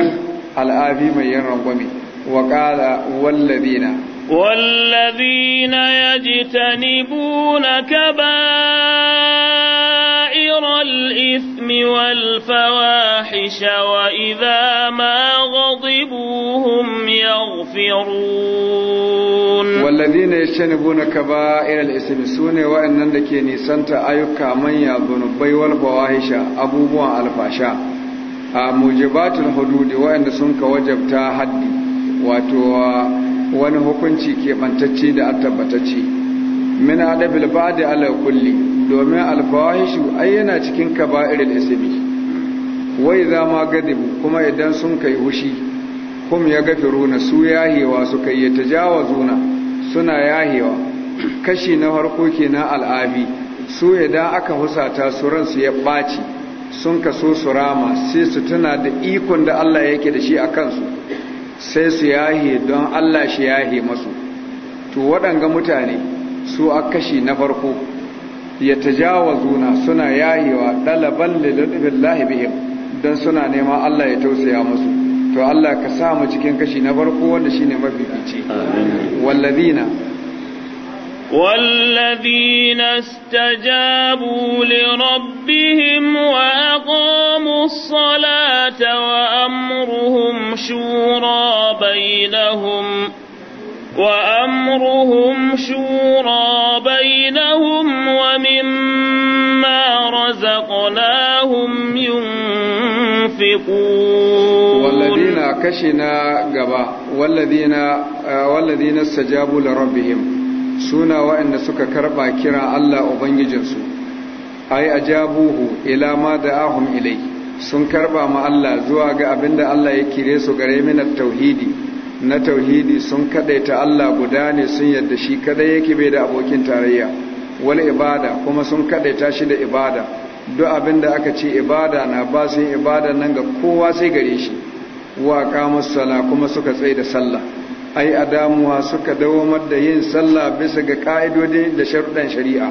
al'afi mai yin rangwami. wa qala wal ladina والذين يجتنبون كبائر الإثم والفواحش وإذا ما غضبوا هم يغفرون والذين يجتنبون كبائر الإثم سوني وإن عندك نيسانتا أيوكا من يظنبي والفواحش أبوبوا الفاشا آه، موجبات الحدود وإن سنك وجبتا حد wato wani hukunci keɓantacce da tabbatacce min adabil ba'di ala kulli domin alfawahishu ai yana cikin kaba'iril ismi wa idza ma gadi kuma idan sun kai hushi kum ya runa su yahewa su kai na suna yahewa kashi na farko kenan al'abi su idan aka husata su ransu ya ɓaci sun kaso su rama sai su tuna da ikon da Allah yake da shi a kansu sai su yahe don Allah shi yahe masu to waɗanga mutane su a kashi na farko ya tajawazuna suna yahewa ɗalaban lilɗibin lahibihim don suna nema Allah ya tausaya masu, to Allah ka sa mu cikin kashi na farko wanda shine mafi fice wallazina والذين استجابوا لربهم وأقاموا الصلاة وأمرهم شورى بينهم وأمرهم شورى بينهم ومما رزقناهم ينفقون والذين كشنا قبا والذين آه، والذين استجابوا لربهم suna waɗanda suka karɓa kira Allah Ubangijinsu, ai, a jabuhu ila ma da ahun ilai, sun karɓa ma Allah zuwa ga abin da Allah ya kire su gare minar tauhidi, na tauhidi sun kaɗaita Allah guda ne sun yadda shi kaɗai yake bai da abokin tarayya, wani ibada kuma sun kaɗaita shi da ibada, duk abin da aka ce ibada na ba ibada nan ga kowa sai gare shi, wa kuma suka tsaye da sallah. ai adamuwa suka dawamar da yin sallah bisa ga ka'idodin da sharuɗan shari'a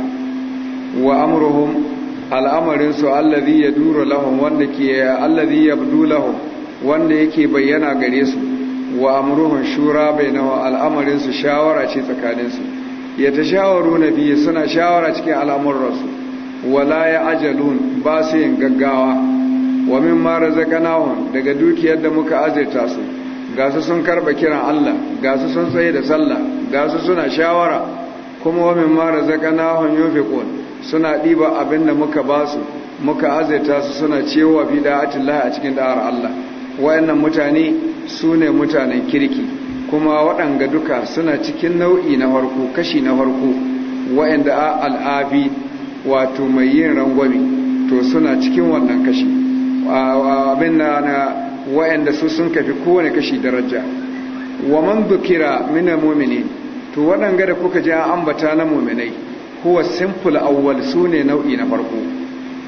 wa amruhum al'amarin su allazi duro lahun wanda ke allazi budu lahun wanda yake bayyana gare su wa amruhum shura bainahu al'amarin su shawara ce tsakanin su na biyu suna shawara cikin al'amurarsu wala ya ajalun ba su yin gaggawa wa mimma razaqnahum daga dukiyar da muka azirta su Gasu sun karba kiran Allah Gasu sun tsaye da sallah Gasu su suna shawara kuma wa min mara zakanahum yunfiqun suna diba abinda muka basu muka azaita su suna cewa fi da'atillah a cikin da'ar Allah wayannan mutane sune mutanen kirki kuma waɗanga duka suna cikin nau'i na farko kashi na farko wayanda al'abi wato mai yin rangwame to suna cikin wannan kashi abin na wayanda su sun kafi kowane kashi daraja wa man dukira min al-mu'mini to wadanga da kuka ji ambata na mu'minai huwa simple awwal sune nau'i na farko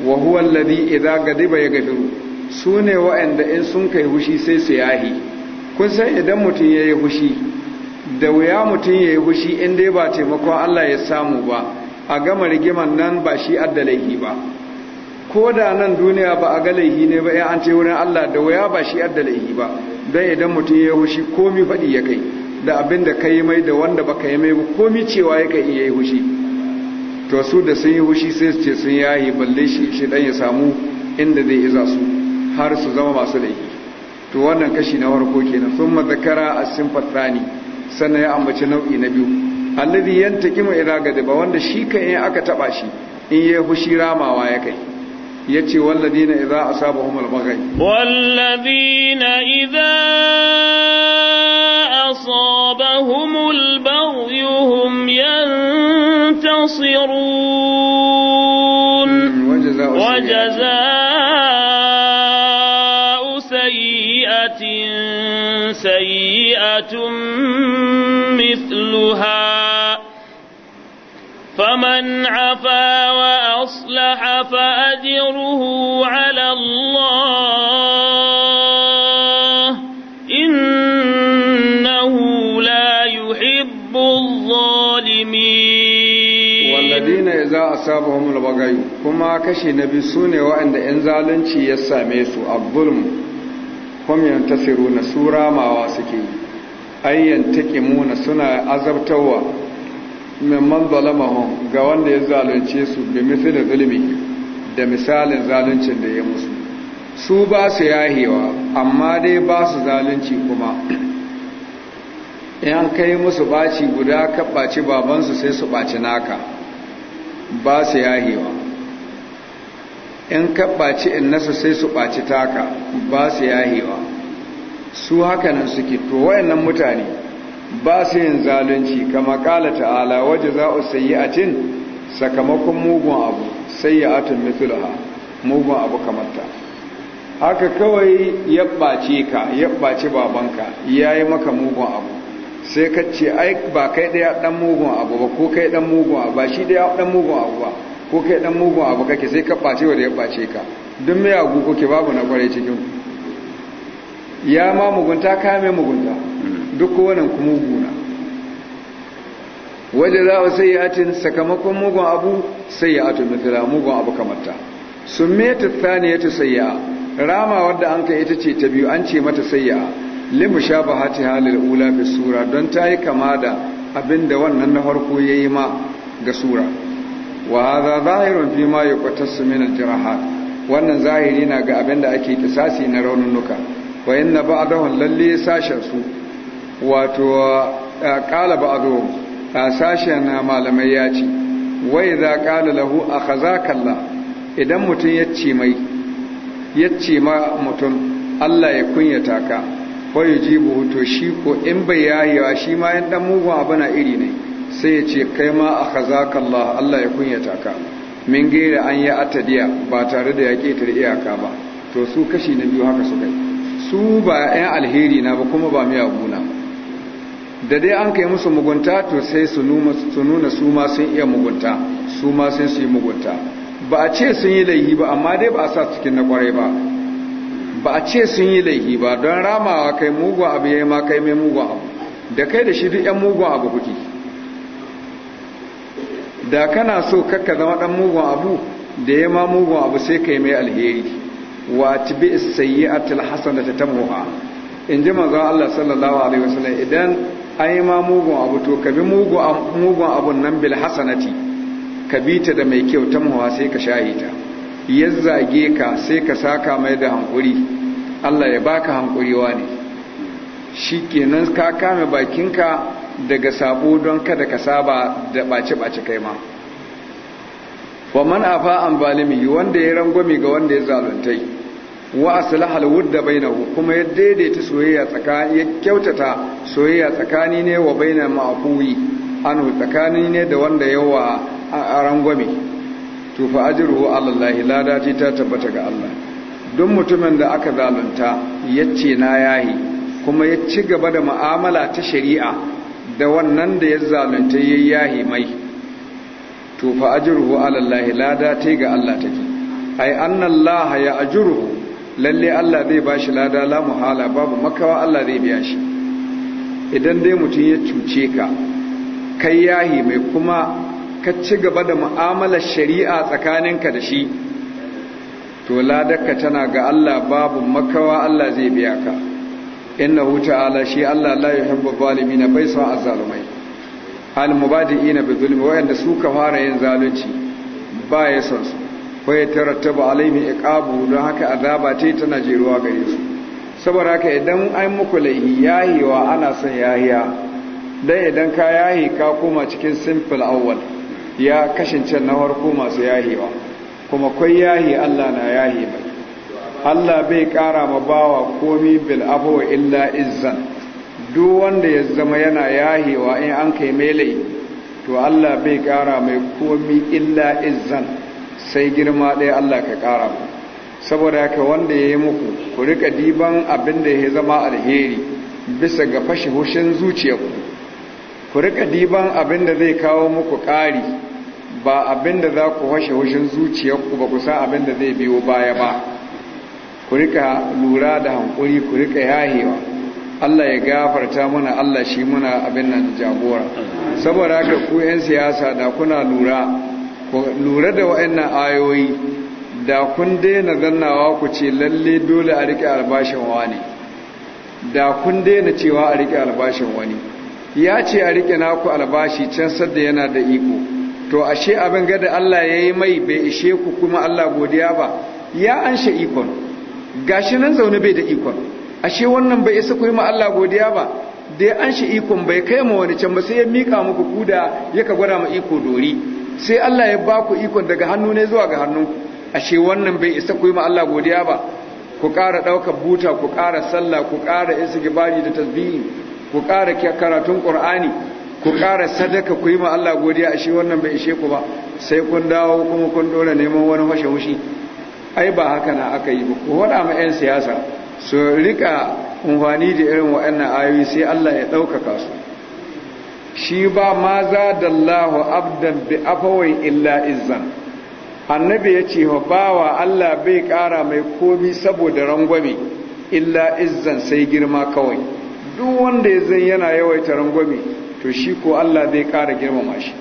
wa huwa alladhi idza gadiba yaghfiru sune wayanda in sun kai hushi sai su yahi kun san idan mutun yayi hushi da wuya mutun yayi hushi in dai ba taimakon Allah ya samu ba a gama rigiman nan ba shi addalaihi ba ko da nan duniya ba a ga laifi ne ba ya an ce wurin Allah da waya ba shi yadda laihi ba Dan idan mutum ya hushi komi faɗi ya kai da abin da ka yi mai da wanda ba yi mai ba komi cewa ya kai iya yi hushi to su da sun yi hushi sai su ce sun yayi balle shi shi dan ya samu inda zai iza su har su zama masu laihi to wannan kashi na farko kenan sun mazakara a simfar tsani sannan ya ambaci nau'i na biyu allazi yantakimu ila ba wanda shi kan aka taba shi in yayi hushi ramawa ya kai يأتي والذين إذا أصابهم البغي والذين إذا أصابهم البغي هم ينتصرون وجزاء سيئة, وجزاء سيئة سيئة مثلها فمن عفا وأصلح فأجره على الله إنه لا يحب الظالمين والذين إذا أصابهم البغي كما كشي نبي سوني وعند إنزال يساميسو الظلم هم ينتصرون سورة ما واسكي أي ينتقمون سنة أزبتوا mimman zalamahum ga wanda ya zalunce su da misalin ilimi da misalin zaluncin da ya musu su ba su yahewa amma dai ba su zalunci kuma in kai musu baci guda ka babansu sai su ɓaci naka ba su yahewa in ka baci innasu sai su baci taka ba su yahewa su hakanan suke to wayannan mutane ba su yin zalunci kama kala ta'ala waje a cin sakamakon mugun abu sai ya atun mithlaha mugun abu kamar ta haka kawai ya ɓace ka ya ɓace babanka ya yi maka mugun abu sai ka ce ai ba kai ɗaya ɗan mugun abu ba ko kai ɗan mugun abu ba shi ɗaya ɗan mugun abu ba ko kai ɗan mugun abu kake sai ka ɓace wa da ya ɓace ka duk mai agu kuke babu na kwarai cikin ya ma mugunta ka mai mugunta duk wannan kuma guna waje za a sayyatin sakamakon mugun abu sai ya sayyatun mutula mugun abu kamarta sun meta ta sayya rama wadda an kai ita ce ta biyu an ce mata sayya limu shabahati halil ula fi sura don ta yi kama da abinda wannan na farko yayi ma ga sura wa hadha zahirun fi ma yuqtasu min al-jirahat wannan zahiri na ga abinda ake kisasi na raununuka wa a ba'dahu lalle sashen su wato ƙala ba a sashen na malamai ya ce wai za ƙala lahu a kaza kalla idan mutum ya ce mai ya ce ma mutum allah ya kunyata ka wai ji buhuto shi ko in bai wa shi ma yan dan mugun abu na iri ne sai ya ce kai ma a kaza kalla allah ya kunyata ka min gaira an yi atadiya ba tare da ya ƙetare iyaka ba to su kashi na biyu haka su kai su ba 'yan alheri na ba kuma ba miyagu na da dai an kai musu mugunta to sai su nuna su ma sun iya mugunta su ma sun su yi mugunta ba a ce sun yi laihi ba amma dai ba a sa cikin na kwarai ba ba a ce sun yi laihi ba don ramawa kai mugun abu ya yi ma kai mai mugun abu da kai da shi duk yan mugun abu kuɗi da kana so kakka zama ɗan mugun abu da ya ma mugun abu sai kai mai alheri wa tibi sayyi'atul hasanata tamuha in ji manzo Allah sallallahu alaihi wasallam idan ai ma mugun abu to ka bi mugun abu nan bil hasanati ka bi ta da mai kyau ta mawa sai ka shahi ta ya zage ka sai ka saka mai da hankuri Allah ya baka hankuriwa ne kenan ka kame bakinka daga sabo don kada ka saba da ɓace-ɓace kai ma wa man afa an balimi wanda ya rangwami ga wanda ya zaluntai wa aslaha alwudda bainahu kuma ya daidaita soyayya tsakani ya kyautata soyayya tsakani ne wa bainal ma'fuwi anu tsakani ne da wanda yawa rangwame to fa ajruhu ala Allah lada ce ta tabbata ga Allah duk mutumin da aka zalunta yace na yahi kuma ya ci gaba da mu'amala ta shari'a da wannan da ya zalunta yayi mai to fa ajruhu ala Allah lada ce ga Allah take ai annallaha ya ajruhu lalle Allah zai ba shi lada la muhala babu makawa Allah zai biya shi idan dai mutum ya cuce ka kai yahi mai kuma ka ci gaba da mu'amalar shari'a tsakaninka da shi to ladarka tana ga Allah babu makawa Allah zai biya ka hu ta'ala shi Allah la yuhibbu zalimin bai sa azzalumai al mubadi'ina bi zulmi wa'anda suka fara yin zalunci ba ya son su waya tarattaba alaihi iqabu don haka azaba ce tana jeruwa gare su saboda haka idan an muku laihi wa ana son yahiya dan idan ka yahi ka koma cikin simple awwal ya kashince na farko masu yahiwa kuma kai yahi Allah na yahi mai Allah bai kara ma bawa komi bil afwa illa izzan duk wanda ya zama yana yahewa in an kai mai laihi to Allah bai kara mai komi illa izzan sai girma ɗaya Allah ka ƙara mu saboda haka wanda ya yi muku ku rika diban abin da ya zama alheri bisa ga fashe hushin zuciyarku ku rika diban abin da zai kawo muku ƙari ba abin da za ku fashe hushin zuciyarku ba ku sa abin da zai biyo baya ba ku rika lura da hankuri ku rika yahewa Allah ya gafarta mana Allah shi muna abin nan jagora saboda haka ku 'yan siyasa da kuna lura lura da wa'annan ayoyi da kun daina zannawa ku ce lalle dole a rike albashin wani da kun daina cewa a rike albashin wani ya ce a rike naku albashi can sadda yana da iko to ashe abin gada Allah ya yi mai bai ishe ku kuma Allah godiya ba ya anshe ikon gashi nan zaune bai da ikon ashe wannan bai isa ku yi ma Allah godiya ba da ya ikon bai kai ma wani can ba sai ya miƙa muku kuda ka gwada ma iko dori sai Allah ya ba ku ikon daga hannu ne zuwa ga hannu ashe wannan bai isa ku yi ma godiya ba ku ƙara ɗaukar buta ku ƙara sallah ku ƙara isa gibari da tasbihi ku ƙara karatun ƙur'ani ku ƙara sadaka ku yi ma Allah godiya ashe wannan bai ishe ku ba sai kun dawo kuma kun dora neman wani fashe wushi ai ba haka na aka yi ba ku faɗa ma 'yan siyasa su rika amfani da irin waɗannan ayoyi sai Allah ya ɗaukaka su shi ba ma za da Allah abdan bi afawai illa izzan annabi ya ce wa bawa Allah bai kara mai komi saboda rangwami illa izzan sai girma kawai duk wanda ya zai yana yawaita rangwami to shi ko Allah zai kara girmama shi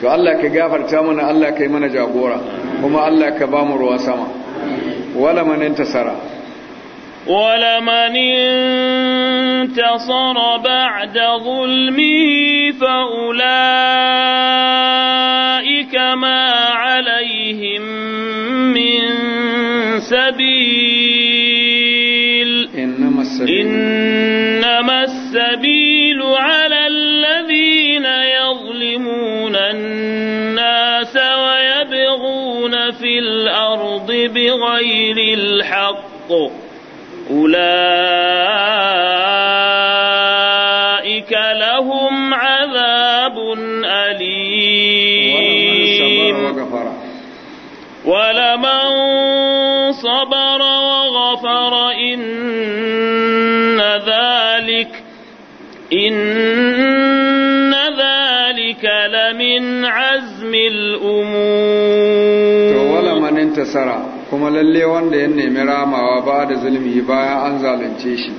to Allah ka gafarta mana Allah ka yi mana jagora kuma Allah ka ba mu ruwa sama wala manin tasara ولمن انتصر بعد ظلمه فأولئك ما عليهم من سبيل إنما السبيل, إنما السبيل على الذين يظلمون الناس ويبغون في الأرض بغير الحق أولئك لهم عذاب أليم ولمن صبر وغفر إن ذلك إن ذلك لمن عزم الأمور ولمن انتصر kuma lalle wanda ya nemi ramawa ba da zulmi bayan an zalunce shi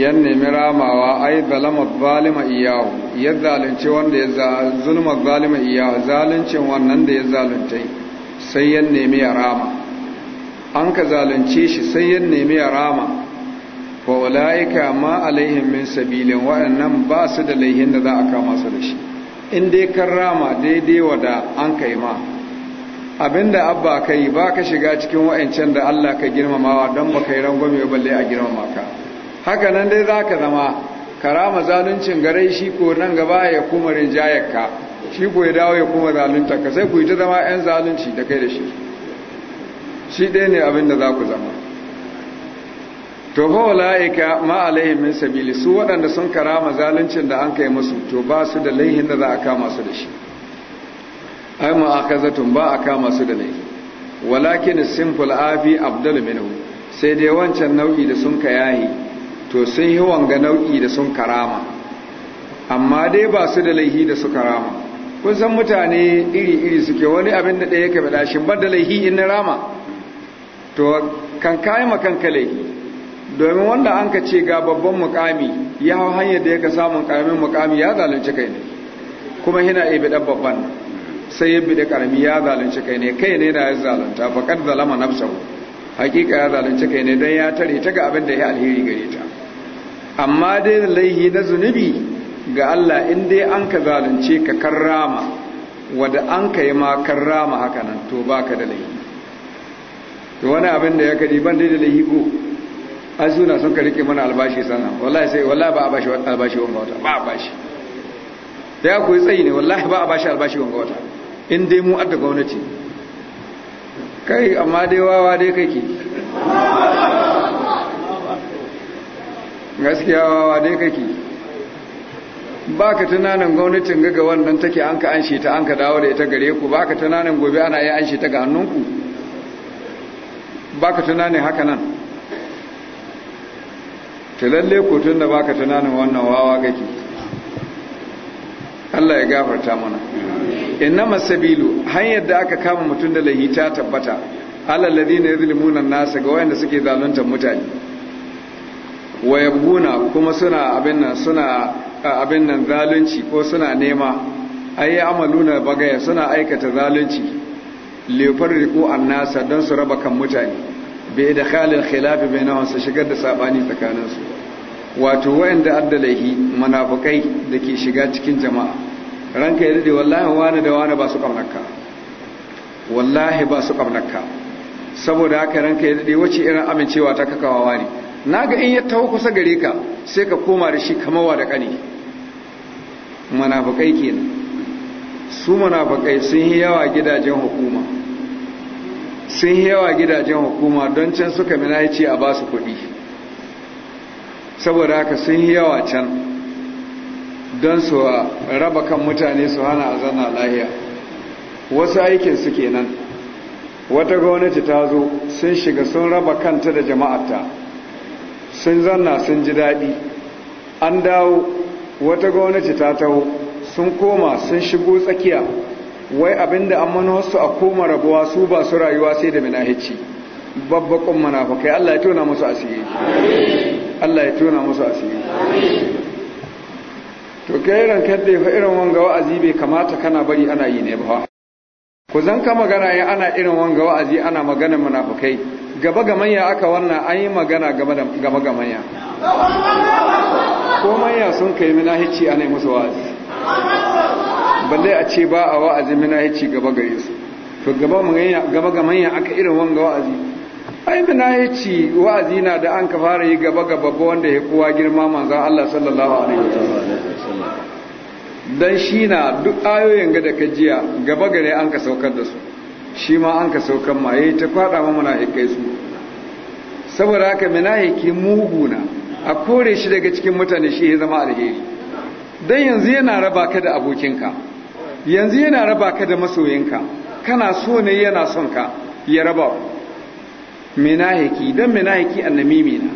ya nemi ramawa ai zalama zalima iyahu ya zalunce wanda ya zulma zalima iyahu zaluncin wannan da ya zalunta sai ya nemi ya rama an ka zalunce shi sai ya nemi ya rama wa ula'ika ma alaihim min sabilin wa'annan ba su da laihin da za a kama su da shi in dai kan rama daidai wa da an kai ma abinda abba ka yi ba ka shiga cikin wa'ancan da Allah ka girmamawa don ba ka yi rangwame balle a girmama ka haka nan dai za ka zama karama zaluncin garai shi ko nan gaba ya kuma rinjayar ka shi ko ya dawo ya kuma zalunta ka sai ku yi ta zama 'yan zalunci da kai da shi shi ɗaya ne abin da za ku zama to fa la'ika ma alaihim min sabili su waɗanda sun karama zaluncin da an kai musu to ba su da laihin da za a kama su da shi ai zaton ba a kama su da laifi walakin simful afi abdul minhu sai dai wancan nau'i da sun kayahi to sun yi wanga nau'i da sun karama amma dai ba su da laifi da su karama kun san mutane iri-iri suke wani abin da ɗaya ka shi ba da laifi in na rama to kan kayi makanka laifi domin wanda an ka ce ga babban mukami ya hau hanyar da ya ka samun karamin mukami ya zalunci kai ne kuma yana ibi ɗan babban sai ya bi da karami ya zalunci kai ne kai ne da ya zalunta faqad zalama nafsahu hakika ya zalunci kai ne don ya tare ta ga abin da ya alheri gare ta amma dai laihi na zunubi ga Allah in dai an ka zalunce ka karrama wanda an ka yi ma karrama haka nan to ka da laihi to wani abin da ya kadi ban dai da laihi ko an suna sun ka rike mana albashi sana wallahi sai wallahi ba a bashi albashi wanga wata ba a bashi da ya koyi tsayi ne wallahi ba a bashi albashi wanga wata in dai mu adda gwamnati kai amma dai wawa dai kake gaskiya wawa dai kake ba ka tunanin gwamnatin gaga wannan take an ka an ta an ka dawo da ita gare ku ba ka tunanin gobe ana yi an ta ga hannunku ba ka tunanin haka nan ta lalle ku tun da ba ka tunanin wannan wawa gaki Allah ya gafarta mana innama sabilu hanyar da aka kama mutum da laihi ta tabbata alal ladina yuzlimuna nasa ga wayanda suke zaluntar mutane wa kuma suna abin nan suna abin nan zalunci ko suna nema ayi amaluna bagaya suna aikata zalunci li yufarriqu an-nasa dan su raba kan mutane bai bi khilafi khilaf bainahum su shigar da sabani tsakaninsu wato wayanda addalahi da ke shiga cikin jama'a ranka ya dade wallahi wani da wani ba su kamnaka wallahi ba su kamnaka saboda haka ranka ya dade wacce irin amincewa ta kakawa wani ga in ya taho kusa gare ka sai ka koma da shi kamawa da kani munafikai kenan su munafikai sun yi yawa gidajen hukuma sun yi yawa gidajen hukuma don can suka mina ce a ba su kuɗi saboda haka sun yi yawa can don su raba kan mutane su hana a zanna lahiya wasu aikin su kenan wata gwamnati ta zo sun shiga sun raba kanta da jama'ata sun zanna sun ji daɗi an dawo wata gwamnati ta taho sun koma sun shigo tsakiya wai abinda an wasu a koma rabuwa su ba su rayuwa sai da minahici babbakon munafakai Allah ya tona musu asiri Allah ya tona musu asiri to irin kadda fa irin wanga wa'azi bai kamata kana bari ana yi ne ba ku zan ka magana ya ana irin wanga wa'azi ana magana munafukai gaba ga manya aka wannan an yi magana gaba ga manya ko manya sun kai minahici ana musu wa'azi balle a ce ba a wa'azi minahici gaba gare su to gaba ga manya aka irin wanga wa'azi aiki na ya ce wa'azi na da an ka fara yi gaba gaba wanda ya kowa girma manzan Allah sallallahu alaihi wasallam don shi na duk ayoyin ga da kajiya gaba gare an ka saukar da su shi ma an ka saukar ma yayi ta kwada ma haikai su saboda haka munafiki muguna a kore shi daga cikin mutane shi ya zama alheri Don yanzu yana raba ka da abokinka yanzu yana raba ka da masoyinka kana so ne yana son ka ya raba ku minahiki don minahiki annamimi na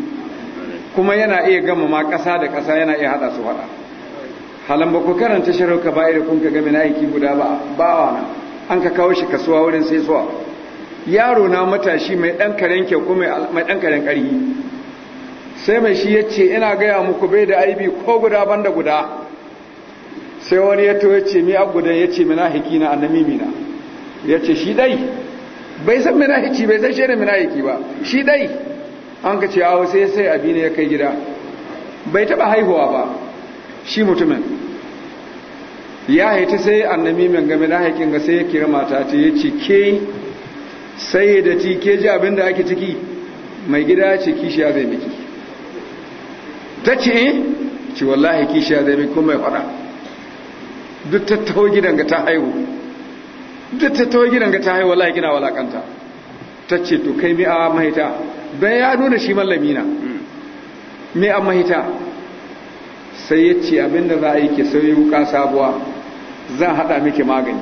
kuma yana iya gama ma ƙasa da ƙasa yana iya haɗa su haɗa halan ba ku karanta sharar ka bayar kun ka ga minahiki guda ba ba na an ka kawo shi kasuwa wurin sai suwa yaro na matashi mai ɗan karen kyau kuma mai ɗan karen ƙarhi sai mai shi ya ce ina gaya muku bai da aibi ko guda ban da guda sai wani ya to ya ce mi a gudan ya ce minahiki na annamimi na ya ce shi dai bai san munafiki bai san shirin munafiki ba shi dai an ka ce awo sai sai abi ne ya kai gida bai taba haihuwa ba shi mutumin ya haiti sai annabi min ga da haikin ga sai ya kira mata ta ce ke sai da ti ke ji abin da ake ciki mai gida ce kishi ya zai miki ta ce eh ci wallahi ya zai miki kuma ya faɗa duk tattawo gidan ga ta haihu da ta gidan ga ta haihu wallahi gina walakanta ta ce to kai mi'a mahita bai ya nuna shi mallami na mi'a mahita sai ya ce abinda za a yi ke sauyi wuka sabuwa zan haɗa miki magani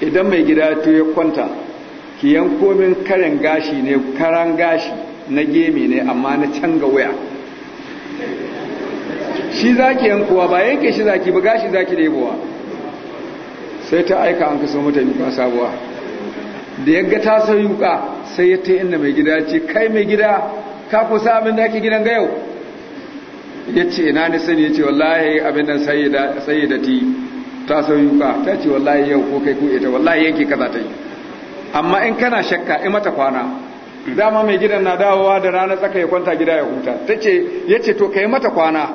idan mai gida to ya kwanta ki yanko min karen gashi ne karan gashi na gemi ne amma na canza waya shi za ki yankowa ba yanke shi za ki ba gashi zaki da buwa. sai ta aika an kaso mata yuka sabuwa da yagga ta sa yuka sai ya ta inda mai gida ce kai mai gida ka kusa abin da ake gidan ga yau ya ce ina ni sani ya ce wallahi abin nan ti ta sa yuka ta ce wallahi yau ko kai ko ita wallahi yanki kaza ta yi amma in kana shakka in mata kwana dama mai gidan na dawowa da ranar tsaka ya kwanta gida ya huta ta ce ya ce to ka yi mata kwana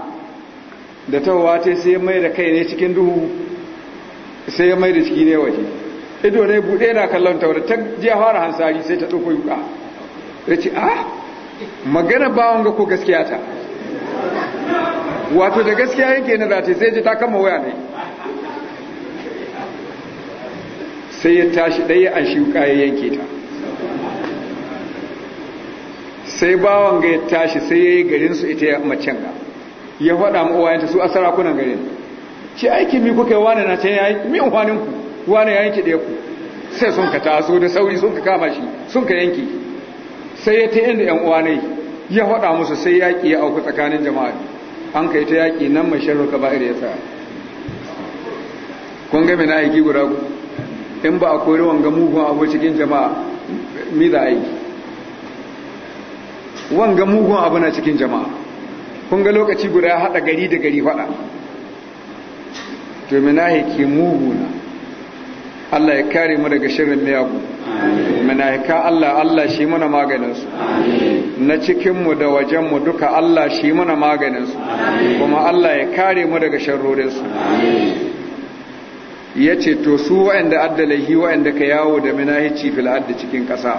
da tawowa ta sai mai da kai ne cikin duhu sai ya mai da ciki ne waje ido ne buɗe na kallon taurin. ta je fara hansari sai ta ɗoko yuka ya ce ah magana bawon ga ko gaskiya ta wato da gaskiya yake na zata sai ji ta kama waya ne sai ya tashi ɗaya an shi ya yanke ta sai bawan ga ya tashi sai ya yi garinsu ita macen ga ya faɗa ma'uwayenta su a sarakunan garin ce aikin mi kuka yi wane na ce ya yi min umarnin ku wane ya yanki ɗaya ku sai sun ka taso da sauri sun ka kama shi sun ka yanki sai ya ta inda yan uwa ne ya faɗa musu sai yaƙi ya auku tsakanin jama'a an kai ta yaƙi nan mai sharru ka ba'ir ya sa kun ga na aiki guda in ba a kori wanga mugun abu cikin jama'a mi da aiki wanga mugun abu na cikin jama'a kun ga lokaci guda ya haɗa gari da gari faɗa to munafiki muguna Allah ya kare mu daga shirin miyagu munafika Allah Allah shi muna maganin su na cikin mu da wajen mu duka Allah shi muna maganin su kuma Allah ya kare mu daga sharrorin su yace to su waɗanda addalahi waɗanda ka yawo da munafici fil adda cikin ƙasa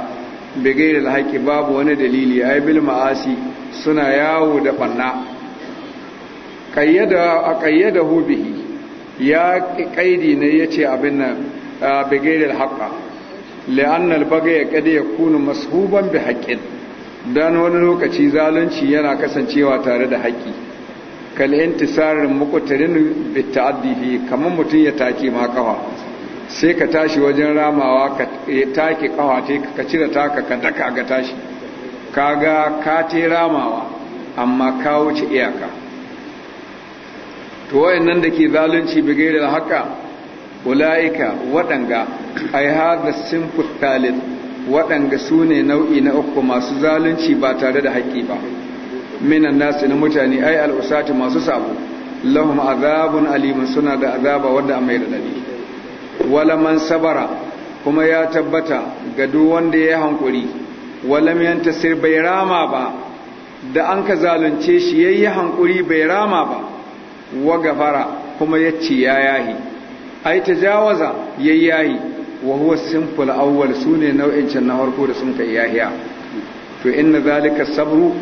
da haƙi babu wani dalili ai bil ma'asi suna yawo da banna qayyada aqayyadahu bihi ya kaidi ne yace abin nan bigairil haqa li'anna ya baghy ya yakunu mashuban bi haqqin dan wani lokaci zalunci yana kasancewa tare da haƙi kal intisarin muqtarin bi ta'addi fi kaman mutun ya take ma kafa sai ka tashi wajen ramawa ka take kafa te ka cire taka ka daka ga tashi kaga ka te ramawa amma ka wuce iyaka to nan da ke zalunci bi haka ulaika waɗanga ai da sinfu thalith waɗanga su nau'i na uku masu zalunci ba tare da haƙƙi ba minan nasu na mutane ai al'usati masu sabo lahum azabun alimun suna da azaba wanda mai radadi wala man sabara kuma ya tabbata ga duk wanda ya hankuri wala man tasir bai rama ba da an ka zalunce shi yayi hankuri bai rama ba wa gafara kuma ya ce ya yahi ai tajawaza ya yahi wa huwa simple awwal sune nau'in can na harko da sun kai yahiya to inna zalika sabru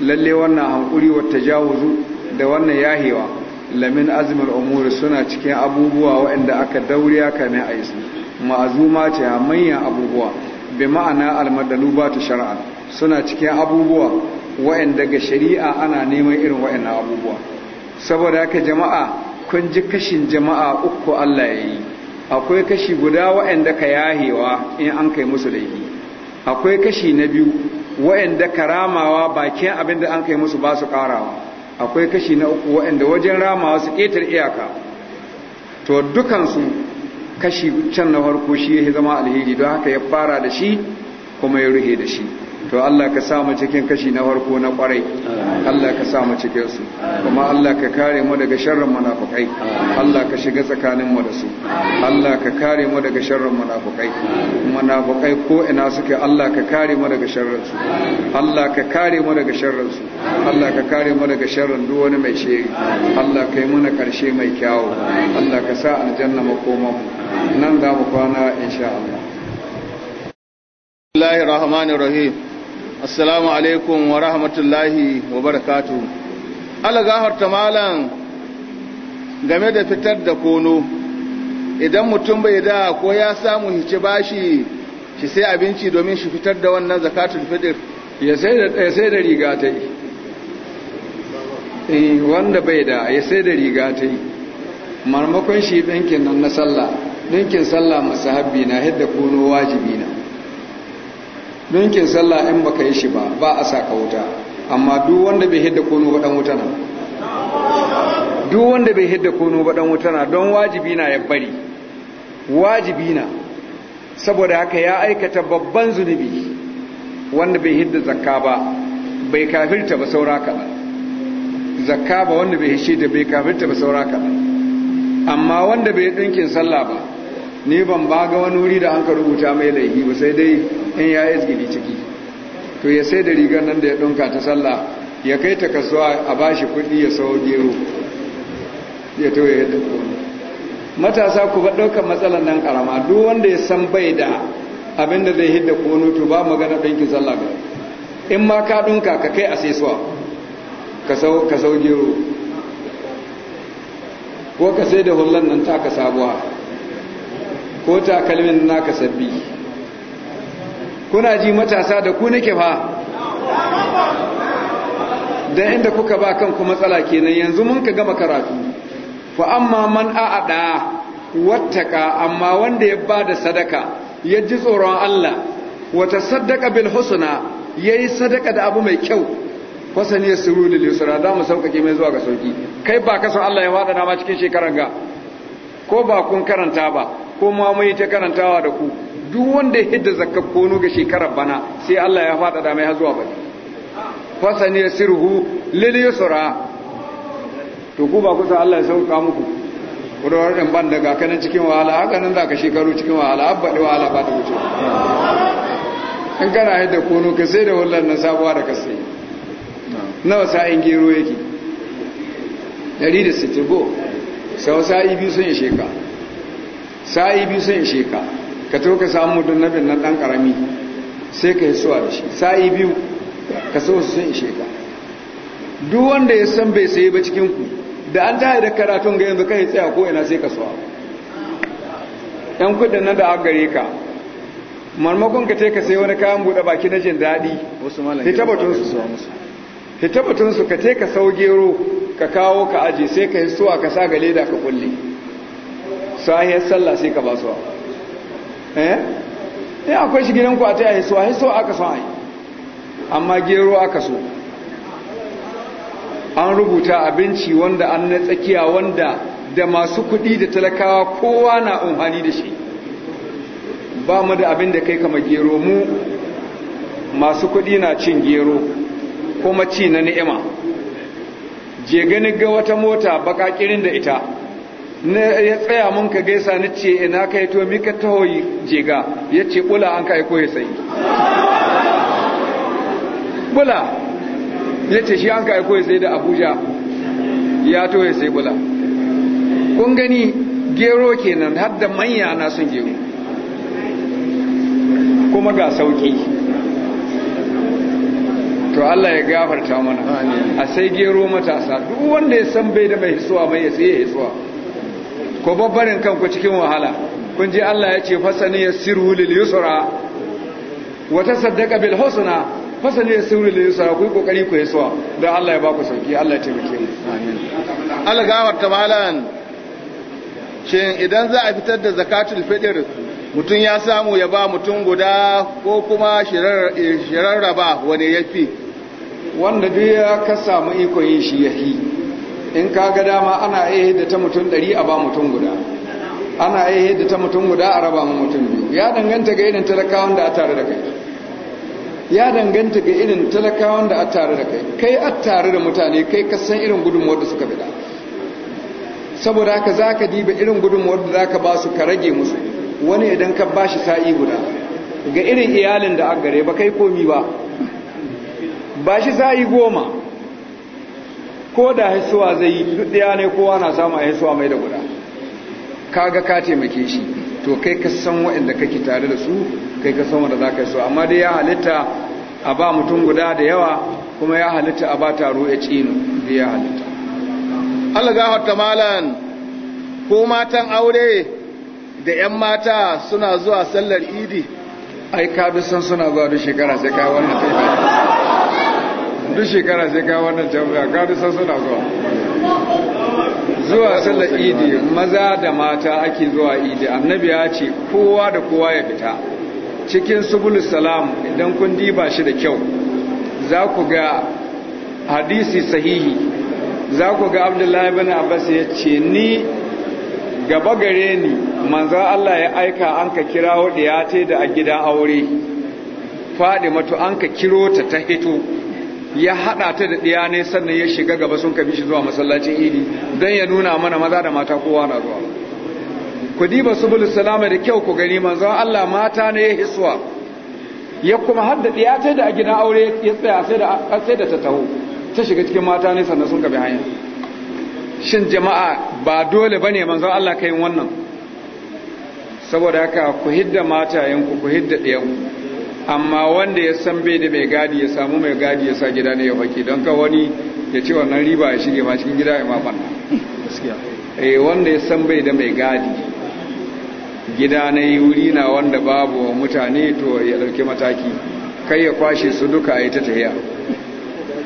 lalle wannan hankuri wa tajawuzu da wannan yahewa lamin azumin umuri suna cikin abubuwa waɗanda aka dauriya kamin a yi su ma'azuma ce manyan abubuwa bi ma'ana almadalu ba ta shari'a, suna cikin abubuwa waɗanda ga shari'a ana neman irin waɗannan abubuwa saboda haka jama'a kun ji kashin jama'a uku Allah ya yi akwai kashi guda wa'anda ka yahewa in an kai musu laifi akwai kashi na biyu wa'anda ka ramawa bakin abin da an kai musu ba su karawa akwai kashi na uku waanda wajen ramawa su ƙetar iyaka to dukansu kashi can na farko shi ya zama alheri don haka ya fara da shi kuma ya ruhe da shi to Allah ka sa mu cikin kashi na farko na kwarai Allah ka sa mu cikin su kuma Allah ka kare mu daga sharrin munafikai Allah ka shiga tsakanin mu da su Allah ka kare mu daga sharrin munafikai munafikai ko ina suke Allah ka kare mu daga sharrin su Allah ka kare mu daga sharrin su Allah ka kare mu daga sharrin duk wani mai shiri Allah ka mu mana karshe mai kyawu Allah ka sa aljanna koma mu nan za mu kwana insha Allah Bismillahir Rahim assalamu alaikum wa rahmatullahi wa barakatu alagahar tamalan game da fitar da kono idan mutum bai da ko ya samu hice bashi shi sai abinci domin shi fitar da wannan zakatul fitr ya sai da riga ta yi eh, wanda bai da ya sai da riga ta yi marmakon shi ɗinkin nan na sallah ɗinkin sallah masu habbi na hidda kono wajibi na yankin sallah in baka yi shi ba ba a sa ka wuta amma duk wanda bai hidda kono ba dan wuta na duk wanda bai hidda kono ba dan wuta na don wajibi na ya bari wajibi na saboda haka ya aikata babban zunubi wanda bai hidda zakka ba bai kafirta ba saura kaɗan zakka ba wanda bai hishe da bai kafirta ba saura kaɗan amma wanda bai dinkin sallah ba ni ban ba ga wani wuri da an ka rubuta mai laifi ba sai dai in ya izgili ciki to ya sai da rigar nan da ya ɗunka ta sallah ya kai ta kasuwa a bashi kuɗi ya sau gero ya to ya yadda matasa ku ba ɗaukar matsalar nan ƙarama duk wanda ya san bai da abin da zai hidda kono to ba magana ɗinkin sallah ba in ma ka ɗunka ka kai a sai suwa ka sau gero ko ka sai da hullan nan ta ka sabuwa ko takalmin naka sabbi kuna ji matasa da ku nake fa dan inda kuka ba kanku matsala kenan yanzu mun ka gama karatu fa amma man a'ada wattaka amma wanda ya bada sadaka ya ji tsoron Allah wa tasaddaqa bil husna yayi sadaka da abu mai kyau fasani yasru lil yusra da mu sauƙaƙe mai zuwa ga sauki kai ba ka san Allah ya wada na ma cikin shekaran ga ko ba kun karanta ba ko ma mai ta karantawa da ku duk wanda ya hidda zakar kono ga shekarar bana sai Allah ya faɗaɗa mai har zuwa bane ne sirhu lili yusra to ku ba ku san Allah ya sauka muku kudawar ɗin ban daga kanin cikin wahala haka nan za ka shekaru cikin wahala abba da wahala ba ta wuce in kana yadda kono ka sai da wallan na sabuwa da ka sai nawa sa'in gero yake 160 da sau sa'i biyu sun yi sheka sa'i biyu sun yi sheka ka to ka samu mutum nabin nan ɗan ƙarami sai ka yi suwa da shi sa'i biyu ka so su sun ishe ka duk wanda ya san bai sayi ba cikinku da an ta da karatun ga yanzu kai tsaya ko ina sai ka suwa yan kudin nan da agare gare ka marmakon ka ka sai wani kayan buɗe baki na jin daɗi hitabatun su ka te ka sau gero ka kawo ka aji sai ka yi suwa ka sa ga leda ka kulle sahiyar sallah sai ka ba suwa eh in eh, akwai shi gidanku a ta so a so aka so ai amma gero aka so an rubuta abinci wanda an na tsakiya wanda da masu kuɗi da talakawa kowa na umfani da shi ba mu da abin da kai kama gero mu masu kuɗi na cin gero kuma ci na ni'ima je gani ga wata mota bakakirin da ita ya tsaya mun ka gaisa ni ce ina kai to mi ka taho jega ya ce bula an ka aiko ya sai bula ya ce shi an ka aiko ya sai da abuja ya to ya sai bula kun gani gero kenan har da manya na sun gero kuma ga sauki to Allah ya gafarta mana a sai gero matasa duk wanda ya san bai da mai hisuwa mai ya sai ya hisuwa ko babbarin kanku cikin wahala kun ji Allah ya ce fasani yassiru lil yusra wa tasaddaqa bil husna fasani yassiru lil yusra ku kokari ku yasuwa dan Allah ya ba ku sauki Allah ya taimake mu amin Allah gawar ta malan shin idan za a fitar da zakatul fitr mutum ya samu ya ba mutum guda ko kuma shirarraba wani ya fi wanda duk ya ka samu ikon yin shi ya in ka ga dama ana iya da ta mutum ɗari a ba mutum guda ana iya da ta mutum guda a raba mu mutum biyu ya danganta ga irin talakawan da a tare da kai ya danganta ga irin talakawan da a tare da kai kai a tare da mutane kai ka san irin gudunmuwar da suka fita saboda haka za ka diba irin gudunmuwar da za ka ba su ka rage musu wani idan ka ba shi sa'i guda ga irin iyalin da a gare ba kai komi ba ba shi sa'i goma ko da haisuwa zai yi duk ɗaya ne kowa na samun a haisuwa mai da guda ga ka taimake shi to kai ka san waɗanda kake tare da su kai ka san wanda za ka yi so amma dai ya halitta a ba mutum guda da yawa kuma ya halitta a ba taro ya cinu da ya halitta Allah ga hatta malan ko matan aure da 'yan mata suna zuwa sallar idi ai ka san suna zuwa da shekara sai ka wannan duk shekara sai ga wannan jami'a ka dusa suna zuwa zuwa sallar idi maza da mata ake zuwa idi annabi ya ce kowa da kowa ya fita cikin subul salam idan kun diba shi da kyau za ku ga hadisi sahihi za ku ga abdullahi bin abbas ya ce ni gaba gare ni manzo allah ya aika an ka kirawo da ya da a gidan aure fadi matu an ka kiro ta ta hito ya hada ta da ɗiya ne sannan ya shiga gaba sun kafi shi zuwa masallacin idi don ya nuna mana maza da mata kowa na zuwa ku diba su bulu salama da kyau ku gani manzo Allah mata ne ya hisuwa ya kuma hadda ɗiya ta da a gidan aure ya tsaya sai da sai da ta taho ta shiga cikin mata ne sannan sun kafi hanya shin jama'a ba dole bane manzo Allah kai wannan saboda haka ku hidda matayenku ku hidda ɗiyanku amma wanda ya san bai da mai gadi ya samu mai gadi ya sa gida ne ya baki don ka wani ya ce wannan riba ya shige ma cikin gida ya ma banna eh wanda ya san bai da mai gadi gida na yi wuri na wanda babu mutane to ya dauki mataki kai ya kwashe su duka ya ta tahiya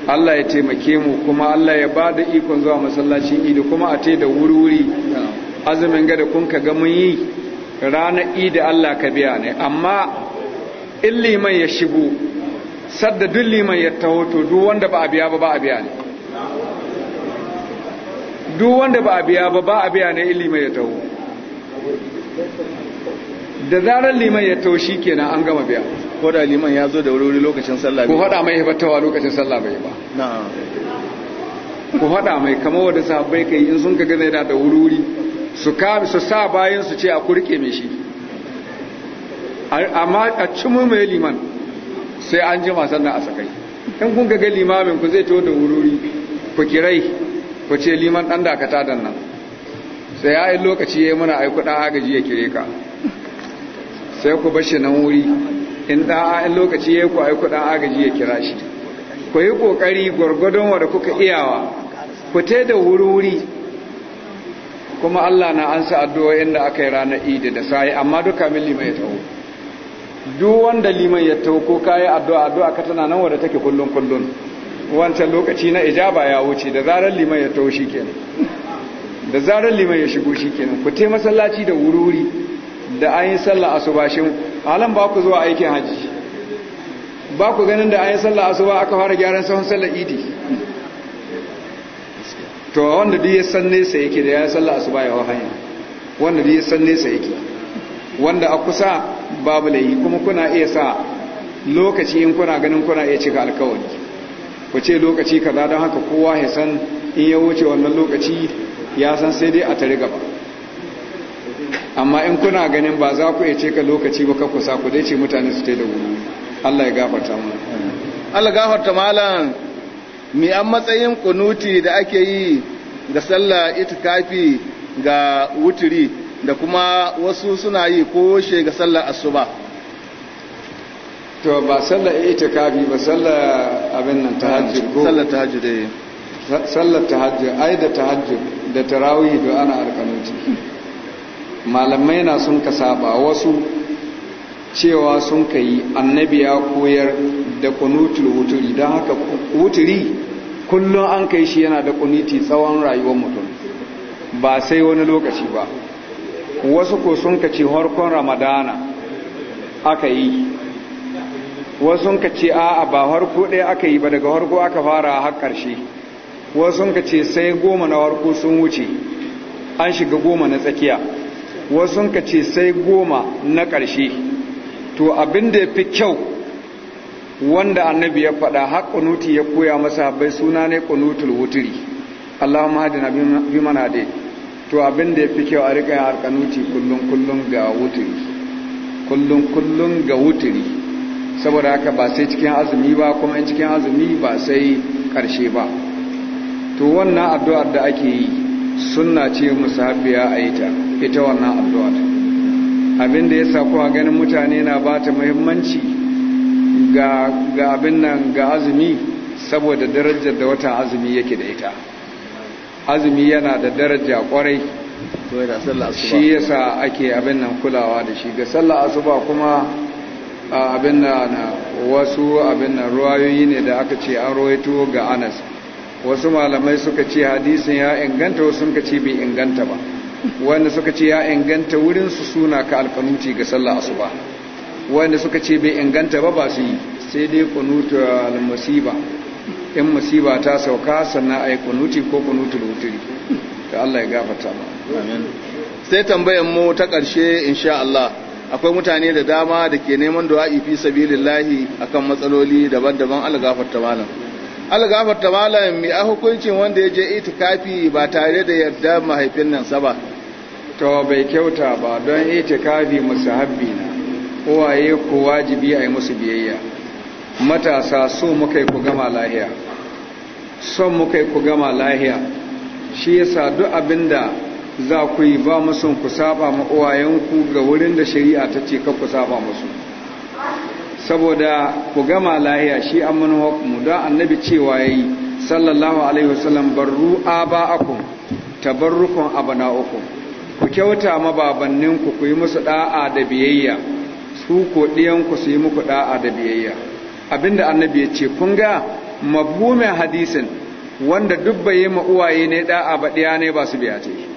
Allah ya taimake mu kuma Allah ya ba da ikon zuwa masallacin idi kuma a tai da wuri-wuri azumin gada kun ka ga mun yi ranar idi Allah ka biya ne amma in liman ya shigo sadda duk liman ya taho to duk wanda ba a biya ba ba a biya ne duk wanda ba a biya ba ba a biya ne in liman ya taho da zarar liman ya taho shi kenan an gama biya ko da liman ya zo da wuri lokacin sallah ku faɗa mai hibatawa lokacin sallah bai ba ku faɗa mai kamar wanda sahabbai kai in sun ka gane da wuri su sa bayan su ce a kurke mai shi amma a cimu mai liman sai an masan sannan a sakai in kun ga limamin ku zai to da wururi ku kirai ku ce liman dan dakata dan nan sai ya yi lokaci ya yi muna aiku ɗan agaji ya kire ka sai ku bashi nan wuri in ɗan lokaci ya yi ku aiku ɗan agaji ya kira shi ku yi ƙoƙari gwargwadon da kuka iyawa ku te da wuri-wuri kuma Allah na an addu'o'in da aka yi ranar idi da sai amma duka mili mai taho duk wanda liman ya tauko yi addu'a addu'a ka tana nan wadda take kullun kullun wancan lokaci na ijaba ya wuce da zarar liman ya shi kenan da zarar liman ya shigo kenan ku tai masallaci da wururi da an yi sallah asuba shi halan ba ku zuwa aikin haji ba ku ganin da an yi sallah asuba aka fara gyaran sahun sallar idi to wanda duk ya san nesa yake da ya yi sallah asuba ya wahaya wanda duk ya san nesa yake wanda a kusa babu layi kuma kuna iya sa lokaci in kuna ganin kuna iya cika alkawari ku ce lokaci kaza don haka kowa ya san in ya wuce wannan lokaci ya san sai dai a tare gaba amma in kuna ganin ba za ku iya cika lokaci ba ka kusa ku dai ce mutane su tai da wuri Allah ya gafarta mu Allah gafarta malam mi an matsayin kunuti da ake yi da sallah itikafi ga wuturi da kuma wasu suna yi ko ga sallar asuba to ba sallar itikafi ba sallar abin nan tahajjud ko sallar tahajjud dai. sallar tahajjud ai da tahajjud da tarawih da ana alƙanuti malamai na sun ka saba wasu cewa sun ka yi annabi ya koyar da kunutul wuturi don haka wuturi kullum an kai shi yana da kunuti tsawon rayuwar mutum ba sai wani lokaci ba wasu ko sun ka ce harkon ramadana aka yi wasu sun ka a a'a ba harko ɗaya aka yi ba daga harko aka fara har ƙarshe wasu sun ka sai goma na harko sun wuce an shiga goma na tsakiya wasu sun ka sai goma na ƙarshe to abin da ya fi kyau wanda annabi ya faɗa har ƙunuti ya koya masa bai suna ne ƙunutul wuturi Allahumma hadina bi mana dai to abin da ya fi kyau a riƙa yin alkanuti kullum kullum ga wuturi kullum kullum ga wuturi saboda haka ba sai cikin azumi ba kuma in cikin azumi ba sai ƙarshe ba to wannan addu'ar da ake yi sunna ce musabbiya a ita ita wannan addu'ar abin da ya sa kuwa ganin mutane na ba ta muhimmanci ga abin nan ga azumi saboda darajar da wata azumi yake da ita azumi yana da daraja kwarai shi yasa ake abin nan kulawa da shi ga sallah asuba kuma abin na wasu abin nan ruwayoyi ne da aka ce an rawaito ga anas wasu malamai suka ce hadisin ya inganta wasu suka ce bai inganta ba wanda suka ce ya inganta wurin su suna ka alkanuti ga sallah asuba wanda suka ce bai inganta ba ba su yi sai dai kunuta al-musiba in musiba ta sauka sannan a yi kunuti ko kunutul wuturi ta Allah ya gafata ma sai tambayar mu ta ƙarshe insha Allah akwai mutane da dama da ke neman du'a'i fi sabilillahi akan matsaloli daban-daban Allah gafarta malam Allah gafarta malam mai a hukuncin wanda ya je itikafi ba tare da yarda mahaifin nan sa ba to bai kyauta ba don itikafi musahabbi na kowaye ko wajibi a yi musu biyayya matasa so muka yi ku gama lahiya son mu kai ku gama lahiya shi yasa duk abinda za ku yi ba musun ku saba ma uwayenku ga wurin da shari'a ta ce ka ku saba musu saboda ku gama lahiya shi an mu don annabi cewa ya yi sallallahu alaihi wasallam barru aba'akum tabarrukun abana'ukum ku kyauta mababanninku ku yi musu da'a da biyayya su ko ɗiyanku su yi muku da'a da biyayya abinda annabi ya ce kun ga mafhumin hadisin wanda duk bai yi ma uwaye ne da'a ba ɗiya ne ba su biya ta yi